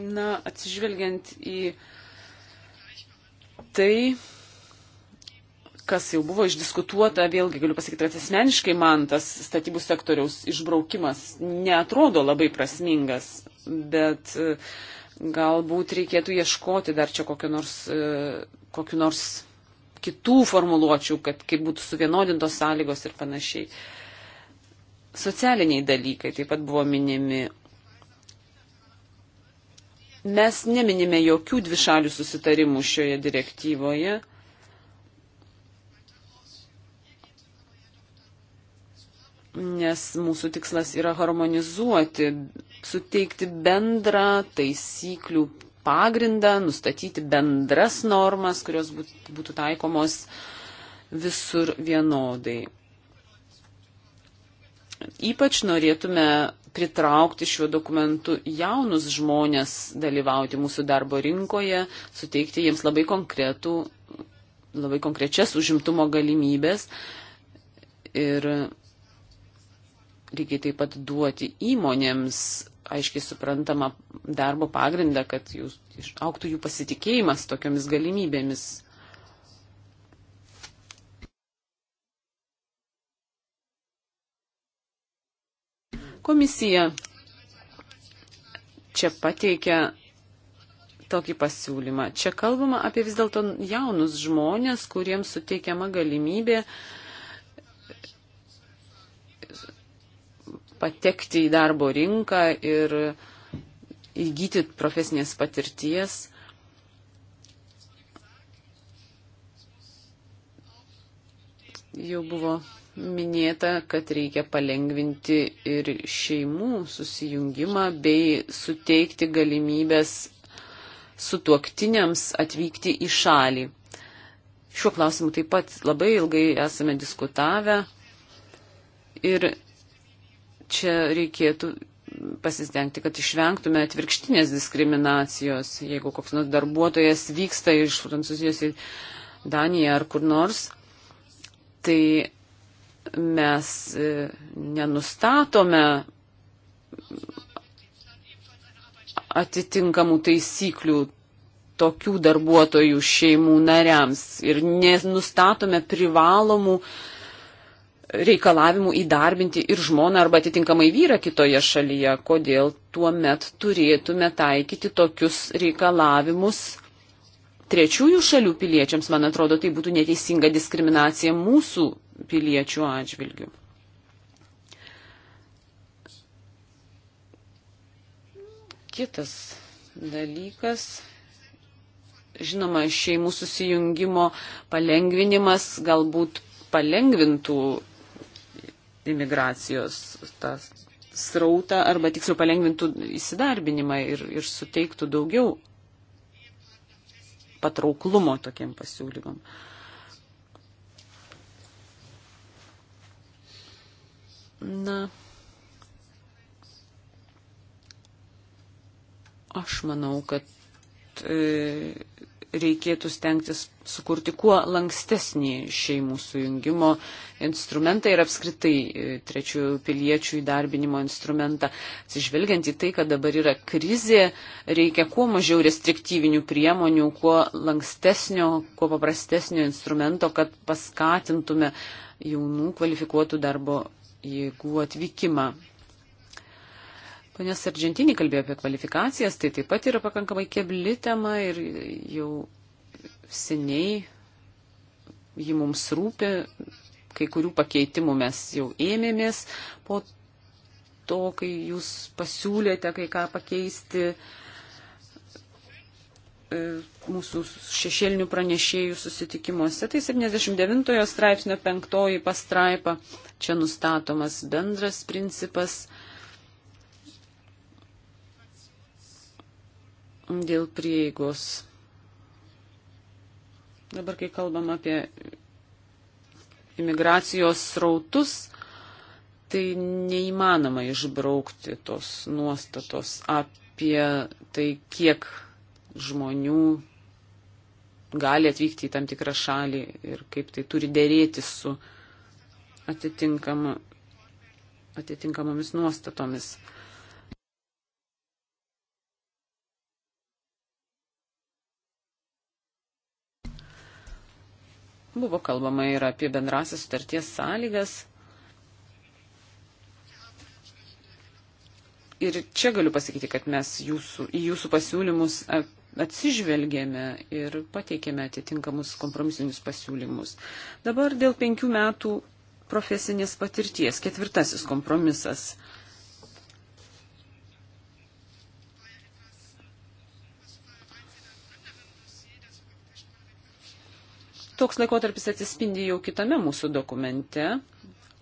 Na, atsižvelgiant į tai, kas jau buvo išdiskutuota, vėlgi galiu pasakyti, kad asmeniškai man tas statybų sektoriaus išbraukimas netrodo labai prasmingas, bet e, galbūt reikėtų ieškoti dar čia kokio nors, e, kokio nors kitų formuluočių, kad kaip būtų suvienodintos sąlygos ir panašiai. Socialiniai dalykai taip pat buvo minimi, Mes neminime jokių dvišalių susitarimų šioje direktyvoje. Nes mūsų tikslas yra harmonizuoti, suteikti bendrą taisyklių pagrindą, nustatyti bendras normas, kurios būtų taikomos visur vienodai. Ypač norėtume pritraukti šiuo dokumentu jaunus žmonės dalyvauti mūsų darbo rinkoje, suteikti jiems labai, konkretų, labai konkrečias užimtumo galimybės ir reikia taip pat duoti įmonėms aiškiai suprantamą darbo pagrindą, kad jūs, auktų jų pasitikėjimas tokiomis galimybėmis. Komisija čia pateikia tokį pasiūlymą. Čia kalbama apie vis dėlto jaunus žmonės, kuriems suteikiama galimybė patekti į darbo rinką ir įgyti profesinės patirties. Jau buvo minėta, kad reikia palengvinti ir šeimų susijungimą bei suteikti galimybės sutuoktiniams atvykti į šalį. Šiuo klausimu taip pat labai ilgai esame diskutavę ir čia reikėtų pasistengti, kad išvengtume atvirkštinės diskriminacijos, jeigu koks nors darbuotojas vyksta iš Prancūzijos į Daniją ar kur nors. Tai mes e, nenustatome atitinkamų taisyklių tokių darbuotojų šeimų nariams ir nenustatome privalomų reikalavimų įdarbinti ir žmoną arba atitinkamai vyrą kitoje šalyje, kodėl tuo met turėtume taikyti tokius reikalavimus trečiųjų šalių piliečiams, man atrodo, tai būtų neteisinga diskriminacija mūsų piliečių atžvilgių. Kitas dalykas žinoma, šeimų susijungimo palengvinimas galbūt palengvintų imigracijos tą srautą arba tiksliau palengvintų įsidarbinimą ir, ir suteiktų daugiau patrauklumo tokiem pasiūlymam. Na, aš manau, kad e, reikėtų stengtis sukurti kuo lankstesnį šeimų sujungimo instrumentą ir apskritai e, trečiųjų piliečių įdarbinimo instrumentą. Atsižvelgiant į tai, kad dabar yra krizė, reikia kuo mažiau restriktyvinių priemonių, kuo lankstesnio, kuo paprastesnio instrumento, kad paskatintume jaunų kvalifikuotų darbo jėgų atvykimą Ponios Argentinį kalbėjo apie kvalifikacijas, tai taip pat yra pakankamai kebli tema ir jau seniai ji mums rūpi, kai kurių pakeitimų mes jau ėmėmės po to, kai jūs pasiūlėte kai ką pakeisti e, mūsų šešėlinių pranešėjų susitikimuose. Tai 79 straipsnio penktoji pastraipa. Čia nustatomas bendras principas dėl prieigos. Dabar, kai kalbam apie imigracijos srautus, tai neįmanoma išbraukti tos nuostatos apie tai, kiek žmonių gali atvykti į tam tikrą šalį ir kaip tai turi dėrėti su atitinkama, atitinkamomis nuostatomis. Buvo kalbama ir apie bendrasis sutarties sąlygas. Ir čia galiu pasakyti, kad mes jūsų, į jūsų pasiūlymus atsižvelgėme ir pateikėme atitinkamus kompromisinius pasiūlymus. Dabar dėl penkių metų profesinės patirties. Ketvirtasis kompromisas. Toks laikotarpis atsispindi jau kitame mūsų dokumente,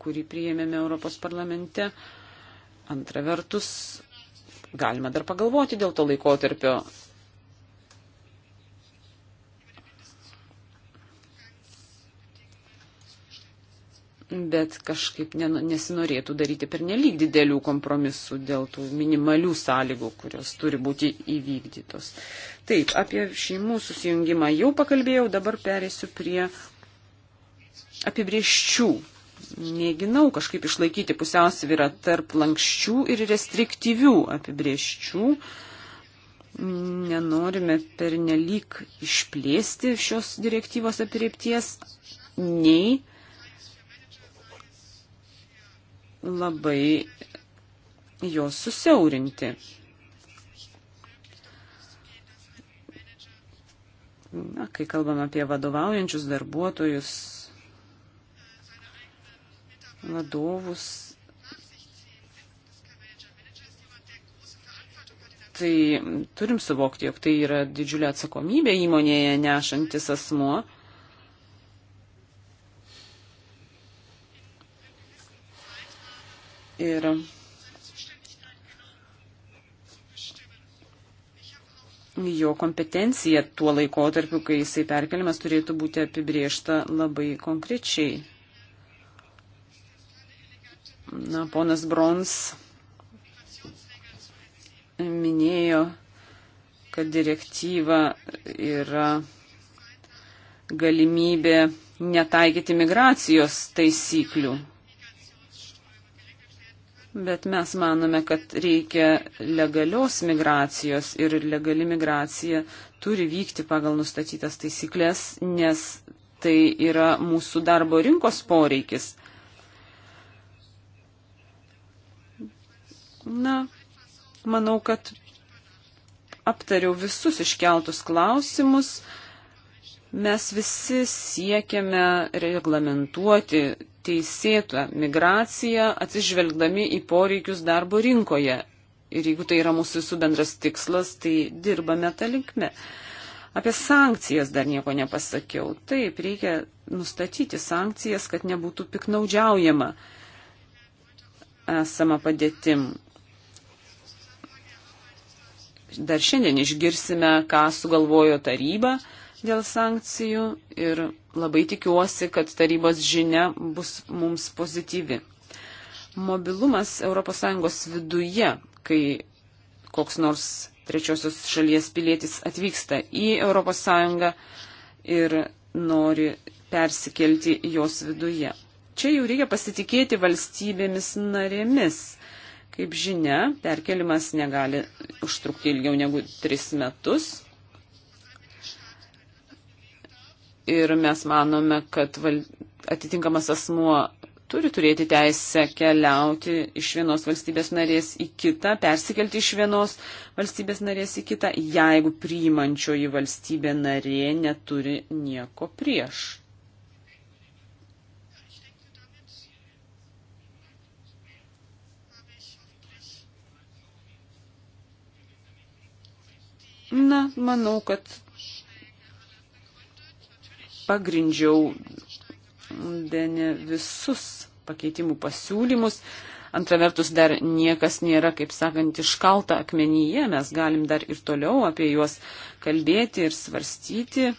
kurį priėmėme Europos parlamente. Antra vertus, galima dar pagalvoti dėl to laikotarpio. Bet kažkaip nesinorėtų daryti per nelik didelių kompromisų dėl tų minimalių sąlygų, kurios turi būti įvykdytos. Taip, apie šeimų susijungimą jau pakalbėjau, dabar perėsiu prie apibrieščių. Mėginau kažkaip išlaikyti pusiausvyrą tarp lankščių ir restriktyvių apibrieščių. Nenorime pernelyg išplėsti šios direktyvos apriepties, nei labai jos susiaurinti. Na, kai kalbam apie vadovaujančius darbuotojus, vadovus, tai turim suvokti, jog tai yra didžiulė atsakomybė įmonėje nešantis asmuo. Ir jo kompetencija tuo laikotarpiu, kai jisai perkeliamas, turėtų būti apibriešta labai konkrečiai. Na, ponas Brons minėjo, kad direktyva yra galimybė netaikyti migracijos taisyklių Bet mes manome, kad reikia legalios migracijos ir legali migracija turi vykti pagal nustatytas taisyklės, nes tai yra mūsų darbo rinkos poreikis. Na, manau, kad aptariau visus iškeltus klausimus. Mes visi siekiame reglamentuoti teisėtą migraciją, atsižvelgdami į poreikius darbo rinkoje. Ir jeigu tai yra mūsų visų bendras tikslas, tai dirbame tą linkme. Apie sankcijas dar nieko nepasakiau. Taip, reikia nustatyti sankcijas, kad nebūtų piknaudžiaujama esama padėtim. Dar šiandien išgirsime, ką sugalvojo taryba dėl sankcijų ir labai tikiuosi, kad tarybos žinia bus mums pozityvi. Mobilumas ES viduje, kai koks nors trečiosios šalies pilietis atvyksta į ES ir nori persikelti jos viduje. Čia jau reikia pasitikėti valstybėmis narėmis. Kaip žinia, perkelimas negali užtrukti ilgiau negu tris metus, ir mes manome, kad atitinkamas asmuo turi turėti teisę keliauti iš vienos valstybės narės į kitą, persikelti iš vienos valstybės narės į kitą, jeigu priimančioji valstybė narė neturi nieko prieš. Na, manau, kad pagrindžiau bene visus pakeitimų pasiūlymus. Antra vertus, dar niekas nėra, kaip sakant, iškalta akmenyje, mes galim dar ir toliau apie juos kalbėti ir svarstyti.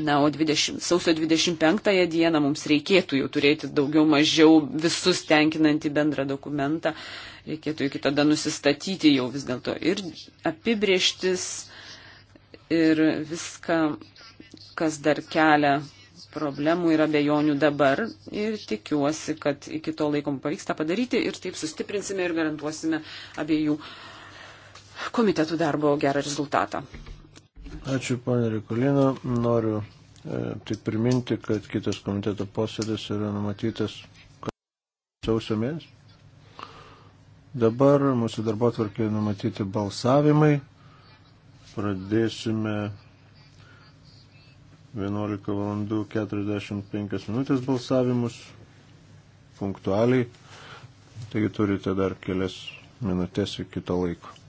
Na, o 20, sausio 25 dieną mums reikėtų jau turėti daugiau mažiau visus tenkinantį bendrą dokumentą. Reikėtų iki tada nusistatyti jau vis dėlto ir apibrieštis ir viską kas dar kelia problemų ir abejonių dabar ir tikiuosi, kad iki to laikom pavyks tą padaryti ir taip sustiprinsime ir garantuosime abiejų komitetų darbo gerą rezultatą. Ačiū, ponė Rikulino. Noriu e, tik priminti, kad kitas komiteto posėdis yra numatytas sausio mėnesį. Dabar mūsų darbo tvarkė numatyti balsavimai. Pradėsime 11 valandų 45 minutės balsavimus punktualiai, taigi turite dar kelias minutės iki to laiko.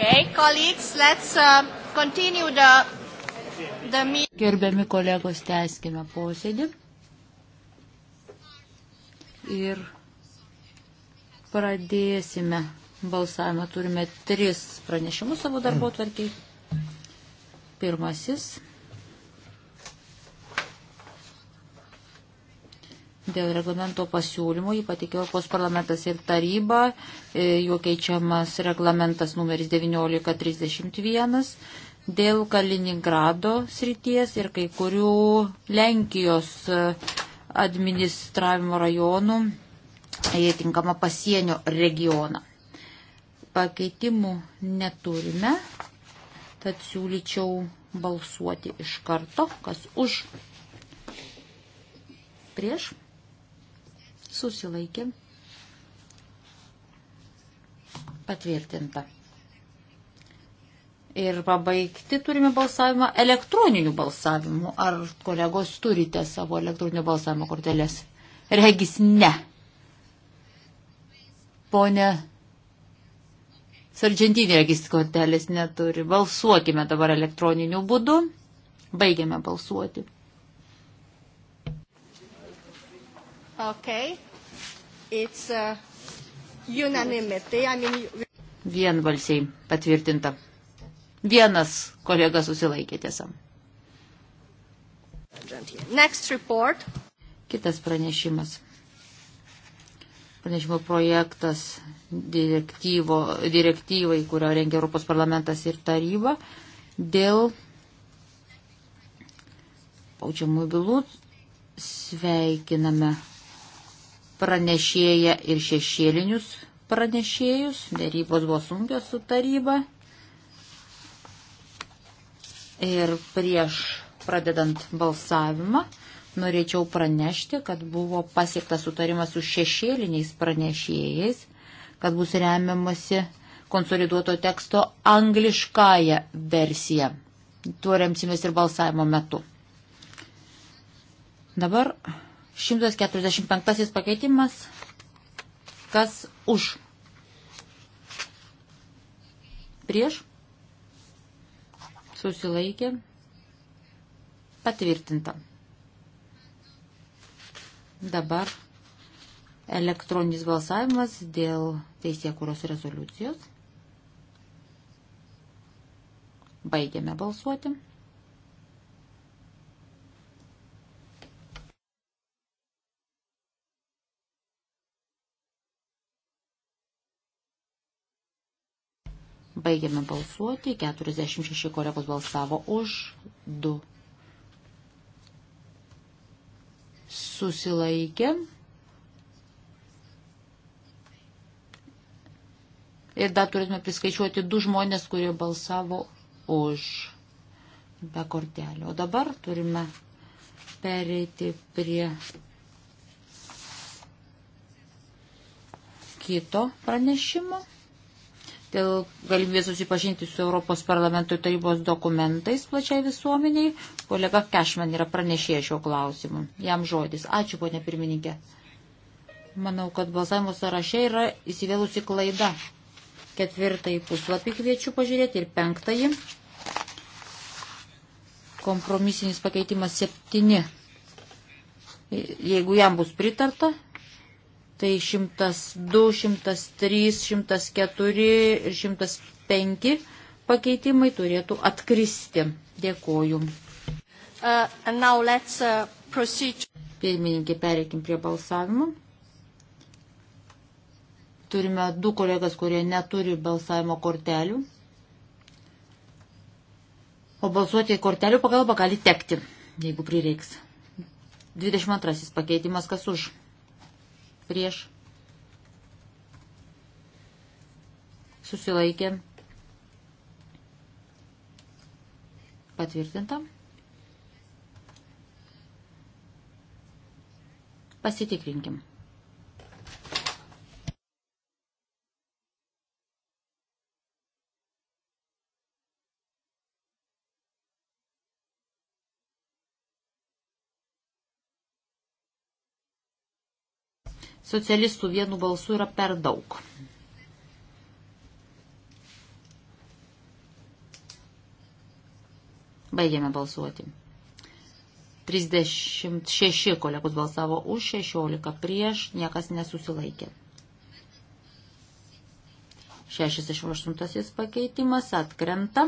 Okay, colleagues, let's uh, continue the, the meeting. Gerbiami kolegos, tęskime posėdį. Ir pradėsime balsavimą. Turime tris pranešimus savo darbo tvarkiai. Pirmasis dėl reglamento pasiūlymų, jį patikė Europos parlamentas ir taryba, e, juo keičiamas reglamentas numeris 1931 dėl Kaliningrado srities ir kai kurių Lenkijos e, administravimo rajonų į tinkamą pasienio regioną. Pakeitimų neturime, tad siūlyčiau balsuoti iš karto, kas už prieš susilaikė, patvirtinta. Ir pabaigti turime balsavimą elektroniniu balsavimu. Ar kolegos turite savo elektroninio balsavimo kortelės? Regis ne. Pone Sargentinė regis kortelės neturi. Balsuokime dabar elektroniniu būdu. Baigiame balsuoti. Okay. It's uh, unanimity. I mean... Vienbalsiai patvirtinta. Vienas kolega susilaikė tiesa. Next report. Kitas pranešimas. Pranešimo projektas direktyvai, kurio rengia Europos parlamentas ir taryba, dėl paučiamųjų bylų sveikiname pranešėją ir šešėlinius pranešėjus. Dėrybos buvo sunkios su taryba. Ir prieš pradedant balsavimą norėčiau pranešti, kad buvo pasiektas sutarimas su šešėliniais pranešėjais, kad bus remiamasi konsoliduoto teksto angliškąją versiją. Tuo remsimės ir balsavimo metu. Dabar 145 pakeitimas. Kas už? Prieš? Susilaikė. Patvirtinta. Dabar elektroninis balsavimas dėl teisėkūros rezoliucijos. Baigiame balsuoti. Baigiame balsuoti. 46 kolegos balsavo už 2. Susilaikė. Ir dar turėtume priskaičiuoti du žmonės, kurie balsavo už be kortelio. O dabar turime pereiti prie kito pranešimo dėl galimybės susipažinti su Europos parlamento tarybos dokumentais plačiai visuomeniai. Kolega Kešman yra pranešėjęs šio klausimu. Jam žodis. Ačiū, ponė pirmininkė. Manau, kad balsavimo sąraše yra įsivėlusi klaida. Ketvirtąjį puslapį kviečiu pažiūrėti ir penktąjį. Kompromisinis pakeitimas septyni. Jeigu jam bus pritarta, Tai 102, 103, 104 ir 105 pakeitimai turėtų atkristi. Dėkoju. Uh, uh, Pirmininkė, pereikim prie balsavimo. Turime du kolegas, kurie neturi balsavimo kortelių. O balsuoti kortelių pagalba gali tekti, jeigu prireiks. 22 pakeitimas kas už prieš susilaikė patvirtinta. Pasitikrinkim. socialistų vienu balsu yra per daug. Baigėme balsuoti. 36 kolegos balsavo už, 16 prieš, niekas nesusilaikė. 68 pakeitimas atkrenta.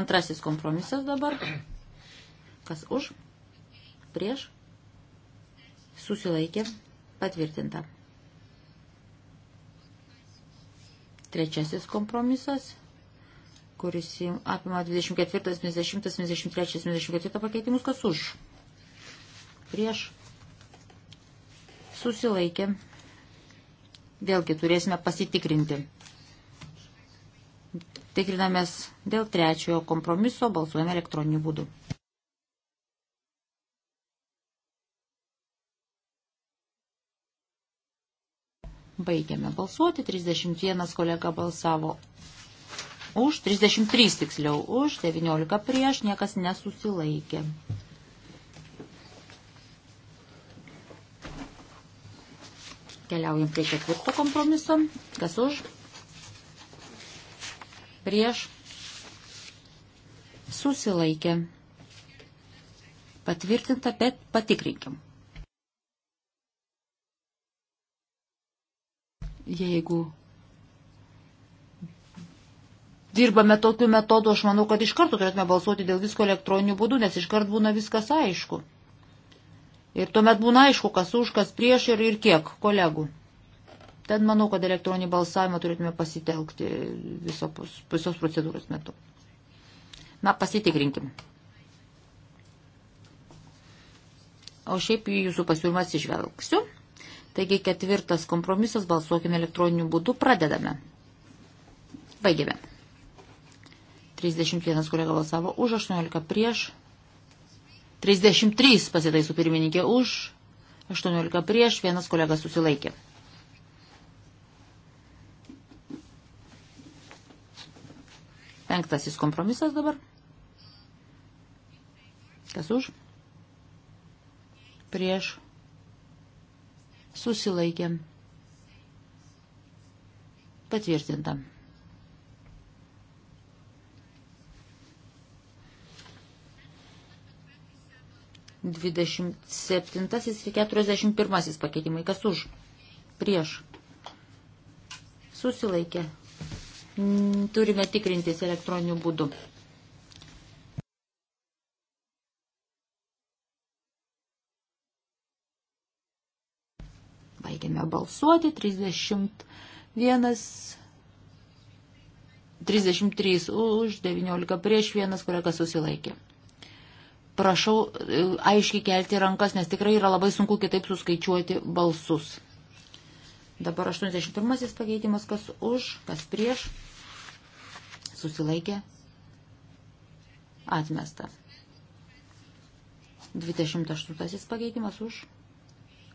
Antrasis kompromisas dabar. Kas už? Prieš? Susilaikė. Patvirtinta. Trečiasis kompromisas, kuris apima 24, 50, 53, 54 pakeitimus, kas už. Prieš. Susilaikė. Vėlgi turėsime pasitikrinti. Tikrinamės dėl trečiojo kompromiso, balsuojame elektroniniu būdu. Baigiame balsuoti. 31 kolega balsavo už, 33 tiksliau už, 19 prieš, niekas nesusilaikė. Keliaujam prie ketvirto kompromiso. Kas už? Prieš. Susilaikė. Patvirtinta, bet patikrinkim. Jeigu dirbame tokiu metodu, aš manau, kad iš karto turėtume balsuoti dėl visko elektroniniu būdu, nes iš karto būna viskas aišku. Ir tuomet būna aišku, kas už, kas prieš ir, ir kiek kolegų. Ten manau, kad elektroninį balsavimą turėtume pasitelkti viso, visos procedūros metu. Na, pasitikrinkim. O šiaip į jūsų pasiūlymą atsižvelgsiu. Taigi ketvirtas kompromisas, balsuokime elektroniniu būdu, pradedame. Baigėme. 31 kolega balsavo už, 18 prieš, 33 pasitaisų pirmininkė už, 18 prieš, vienas kolega susilaikė. Penktasis kompromisas dabar. Kas už? Prieš susilaikė patvirtinta. Dvidešimt septintasis ir keturiasdešimt pirmasis pakeitimai. Kas už? Prieš. Susilaikė. Turime tikrintis elektroniniu būdu. Baigiame balsuoti. 31. 33 už, 19 prieš, vienas kolegas susilaikė. Prašau e, aiškiai kelti rankas, nes tikrai yra labai sunku kitaip suskaičiuoti balsus. Dabar 81 pakeitimas, kas už, kas prieš, susilaikė, atmesta. 28 pakeitimas už,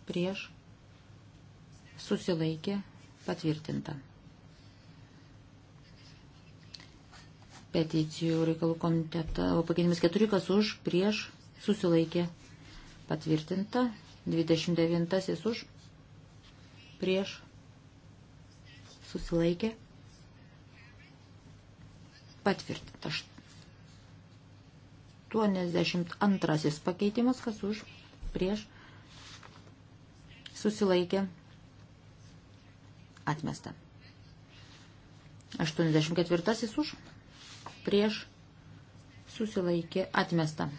prieš, susilaikė patvirtinta. Peticijų reikalų komitetą, o pakeitimas 4, kas už, prieš, susilaikė patvirtinta. 29 už, prieš, susilaikė patvirtinta. 82 pakeitimas, kas už, prieš, susilaikė patvirtinta atmesta. 84 už, prieš, susilaikė, atmesta.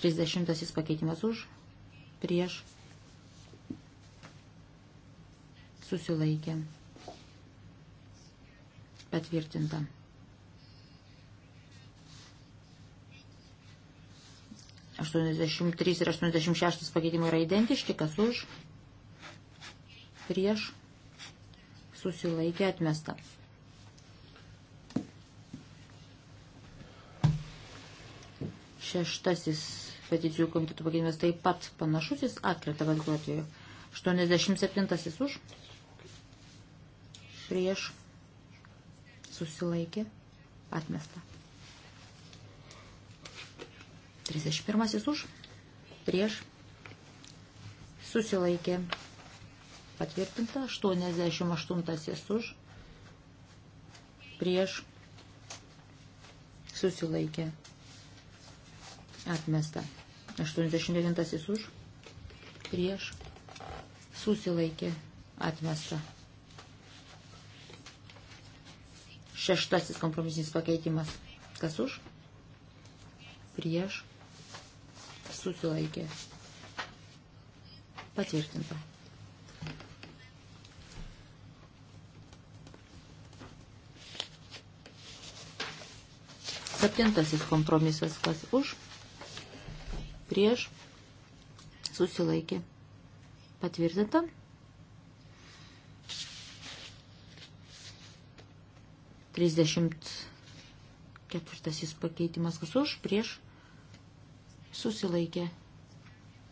30 pakeitimas už, prieš, susilaikė, patvirtinta. Aštuoniasdešimt trys ir aštuoniasdešimt šeštas pakeitimai yra identiški, kas už, prieš, susilaikė atmesta. Šeštasis peticijų komitetų pakeitimas taip pat panašus, jis atkreta bet kuriuo atveju. 87 už, prieš, susilaikė, atmesta. 31 už, prieš, susilaikė, atmesta patvirtinta, 88 už, prieš, susilaikė, atmesta, 89 už, prieš, susilaikė, atmesta. Šeštasis kompromisinis pakeitimas. Kas už? Prieš. Susilaikė. Patvirtinta. Septintasis kompromisas, kas už, prieš, susilaikė, patvirtinta. Trisdešimt ketvirtasis pakeitimas, kas už, prieš, susilaikė,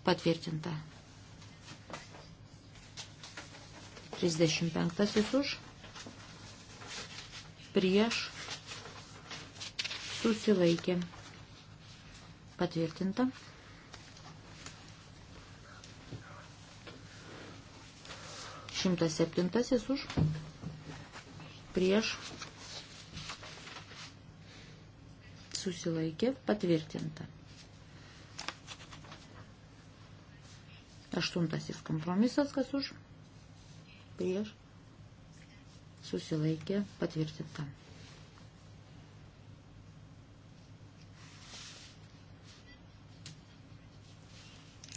patvirtinta. 35 už, prieš, susilaikė patvirtinta. Šimtas septintasis už prieš susilaikė patvirtinta. Aštuntasis kompromisas, kas už prieš susilaikė patvirtinta.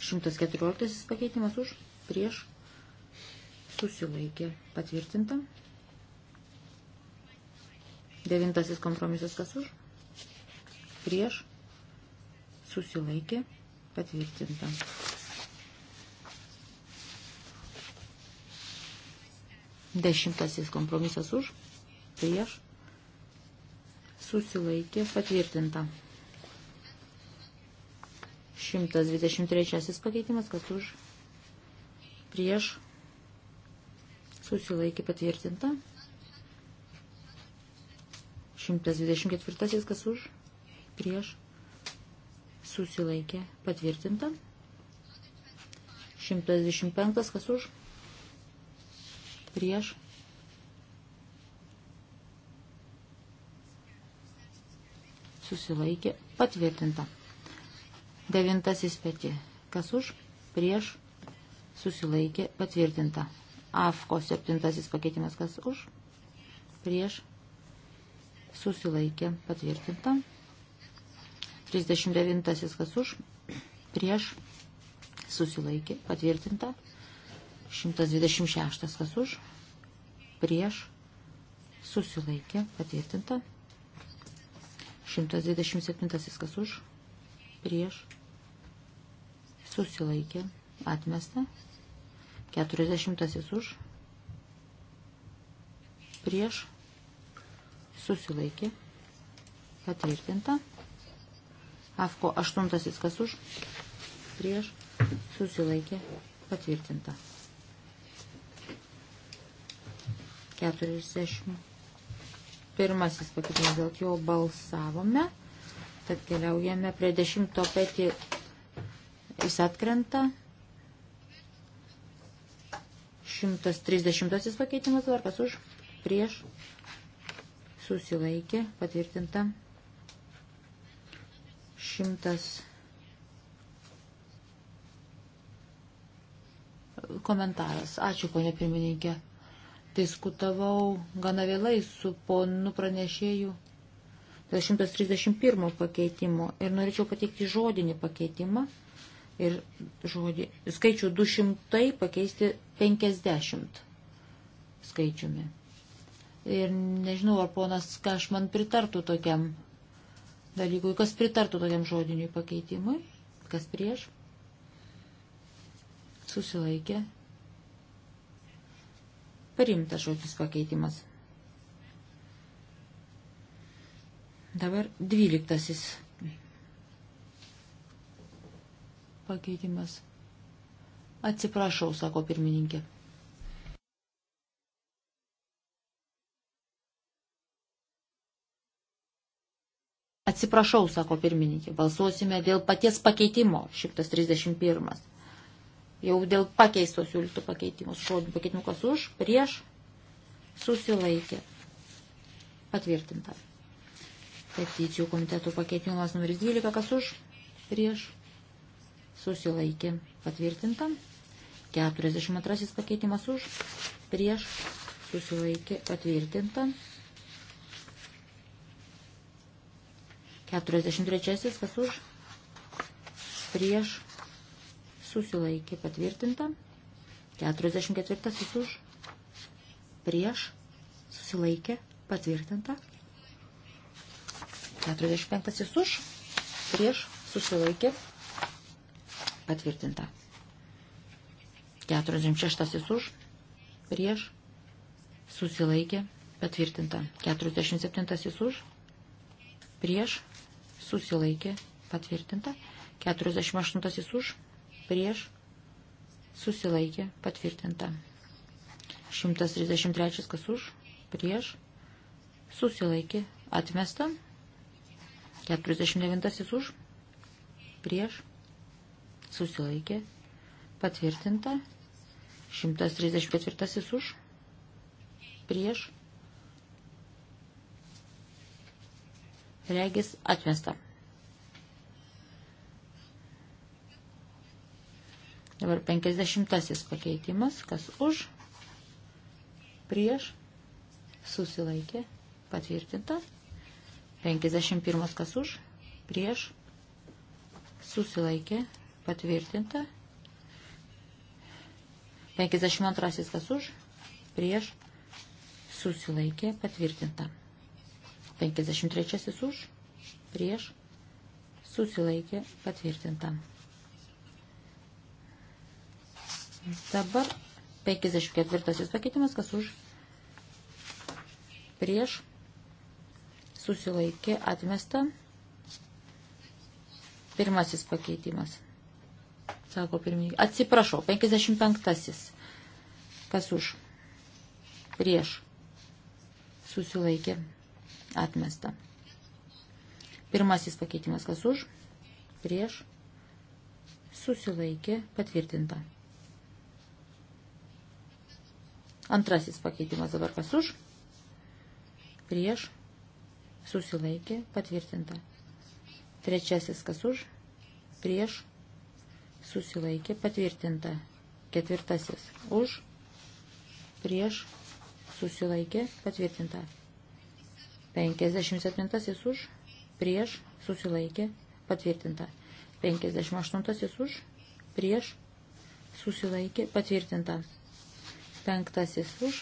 114 pakeitimas už, prieš, susilaikė, patvirtinta. Devintasis kompromisas kas už, prieš, susilaikė, patvirtinta. Dešimtasis kompromisas už, prieš, susilaikė, patvirtinta. 123 pakeitimas, kas už prieš susilaikė patvirtinta. 124 kas už prieš susilaikė patvirtinta. 125 kas už prieš susilaikė patvirtinta. Devintasis peti. Kas už? Prieš susilaikė patvirtinta. AFKO septintasis pakeitimas. Kas už? Prieš susilaikė patvirtinta. 39 kas už? Prieš susilaikė patvirtinta. 126 kas už? Prieš susilaikė patvirtinta. 127 kas už? prieš, susilaikė, atmesta, 40 už, prieš, susilaikė, patvirtinta, AFKO 8 kas už, prieš, susilaikė, patvirtinta. 40. Pirmasis pakeitimas dėl jo balsavome. Tad keliaujame prie dešimto petį. Jis atkrenta. 130 pakeitimas varkas už, prieš, susilaikė, patvirtinta. 100 komentaras. Ačiū, ponė pirmininkė. Diskutavau gana vėlai su ponu pranešėju dėl 131 pakeitimo ir norėčiau pateikti žodinį pakeitimą ir žodį, skaičių 200 pakeisti 50 skaičiumi. Ir nežinau, ar ponas Kašman pritartų tokiam dalykui, kas pritartų tokiam žodiniui pakeitimui, kas prieš, susilaikė, Parimtas žodis pakeitimas. Dabar dvyliktasis pakeitimas. Atsiprašau, sako pirmininkė. Atsiprašau, sako pirmininkė, balsuosime dėl paties pakeitimo 131. Jau dėl pakeisto siūlytų pakeitimus. Šodin pakeitimukas už, prieš, susilaikė. Patvirtinta peticijų komitetų pakeitimas numeris 12, kas už, prieš, susilaikė, patvirtinta. 42 pakeitimas už, prieš, susilaikė, patvirtinta. 43 kas už, prieš, susilaikė, patvirtinta. 44 už, prieš, susilaikė, patvirtinta. 45 už, prieš, susilaikė, patvirtinta. 46 už, prieš, susilaikė, patvirtinta. 47 už, prieš, susilaikė, patvirtinta. 48 už, prieš, susilaikė, patvirtinta. 133 kas už, prieš, susilaikė, atmesta. 49 už, prieš, susilaikė, patvirtinta. 134 už, prieš, regis atmesta. Dabar 50 pakeitimas, kas už, prieš, susilaikė, patvirtinta. 51 kas už, prieš, susilaikė, patvirtinta. 52 kas už, prieš, susilaikė, patvirtinta. 53 už, prieš, susilaikė, patvirtinta. Dabar 54 pakeitimas, kas už, prieš, susilaikė atmesta. Pirmasis pakeitimas. Sako pirmininkai. Atsiprašau, 55. Kas už? Prieš. Susilaikė atmesta. Pirmasis pakeitimas. Kas už? Prieš. Susilaikė patvirtinta. Antrasis pakeitimas dabar kas už? Prieš susilaikė, patvirtinta. Trečiasis kas už, prieš, susilaikė, patvirtinta. Ketvirtasis už, prieš, susilaikė, patvirtinta. 57 už, prieš, susilaikė, patvirtinta. 58 už, prieš, susilaikė, patvirtinta. Penktasis už,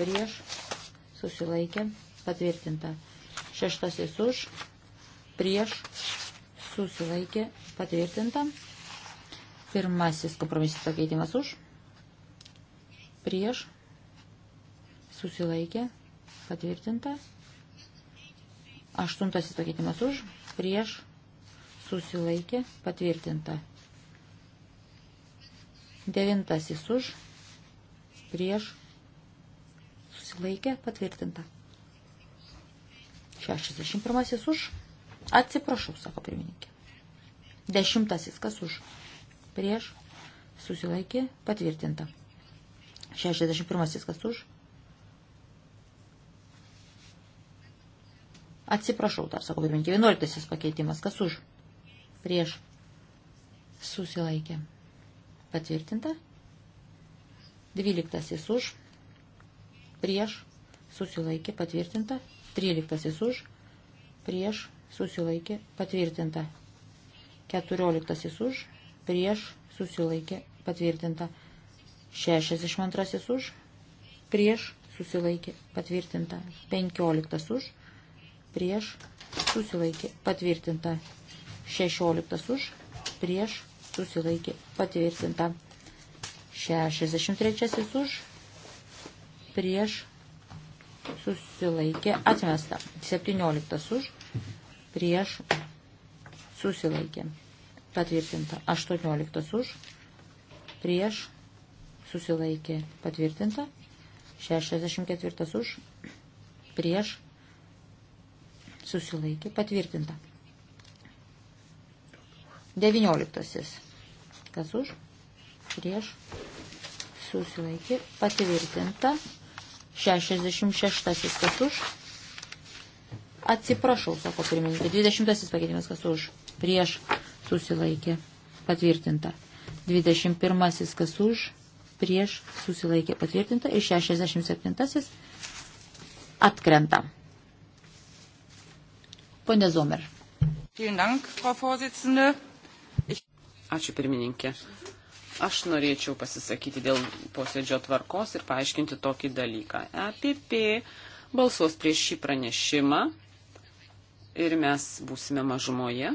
prieš, susilaikė, patvirtinta. Šeštasis už, prieš, susilaikė, patvirtinta. Pirmasis kompromisis pakeitimas už, prieš, susilaikė, patvirtinta. Aštuntasis pakeitimas už, prieš, susilaikė, patvirtinta. Devintasis už, prieš, susilaikė, patvirtinta. 61 už. Atsiprašau, sako pirmininkė. Dešimtasis kas už. Prieš. Susilaikė. Patvirtinta. 61 kas už. Atsiprašau, dar sako pirmininkė. 11 pakeitimas kas už. Prieš. Susilaikė. Patvirtinta. 12 už. Prieš. Susilaikė. Patvirtinta. 13 už, prieš, susilaikė, patvirtinta. 14 už, prieš, susilaikė, patvirtinta. 62 už, prieš, susilaikė, patvirtinta. 15 už, prieš, susilaikė, patvirtinta. 16 už, prieš, susilaikė, patvirtinta. 63 už, prieš, susilaikė, atmesta. 17 už, prieš, susilaikė, patvirtinta. 18 už, prieš, susilaikė, patvirtinta. 64 už, prieš, susilaikė, patvirtinta. 19. Kas už? Prieš. Susilaikė. Patvirtinta. 66 kas už. Atsiprašau, sako pirmininkai. 20 pakeitimas kas už. Prieš susilaikė. Patvirtinta. 21 kas už. Prieš susilaikė. Patvirtinta. Ir 67 atkrenta. Pone Zomer. Ačiū pirmininkė. Aš norėčiau pasisakyti dėl posėdžio tvarkos ir paaiškinti tokį dalyką. EPP balsuos prieš šį pranešimą ir mes būsime mažumoje.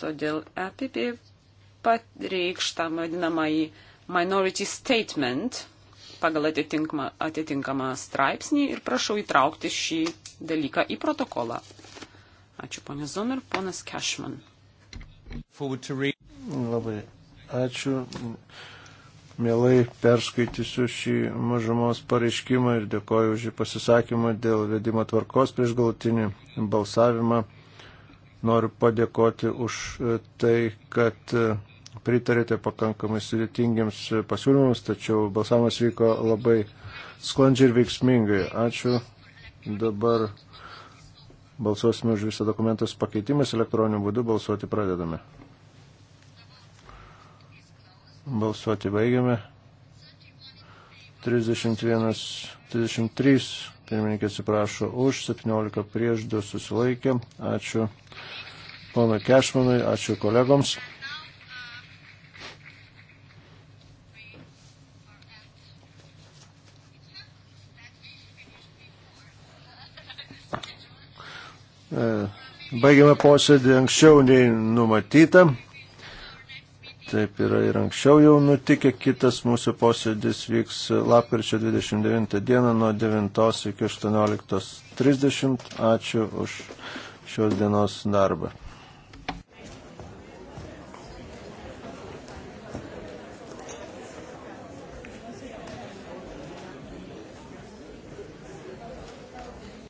Todėl EPP pareikš tą vadinamąjį minority statement pagal atitinkamą, atitinkamą straipsnį ir prašau įtraukti šį dalyką į protokolą. Ačiū, ponė Zomer, ponas Cashman. Labai ačiū. Mielai perskaitysiu šį mažumos pareiškimą ir dėkoju už jį pasisakymą dėl vedimo tvarkos prieš galutinį balsavimą. Noriu padėkoti už tai, kad pritarėte pakankamai sudėtingiams pasiūlymams, tačiau balsavimas vyko labai sklandžiai ir veiksmingai. Ačiū. Dabar balsuosime už visą dokumentus pakeitimas elektroniniu būdu. Balsuoti pradedame. Balsuoti baigiame. 31, 33, pirmininkė atsiprašo už, 17 prieš 2 susilaikė. Ačiū ponui Kešmanui, ačiū kolegoms. E, baigiame posėdį anksčiau nei numatyta. Taip yra ir anksčiau jau nutikę. Kitas mūsų posėdis vyks lapkričio 29 dieną nuo 9 iki 18.30. Ačiū už šios dienos darbą.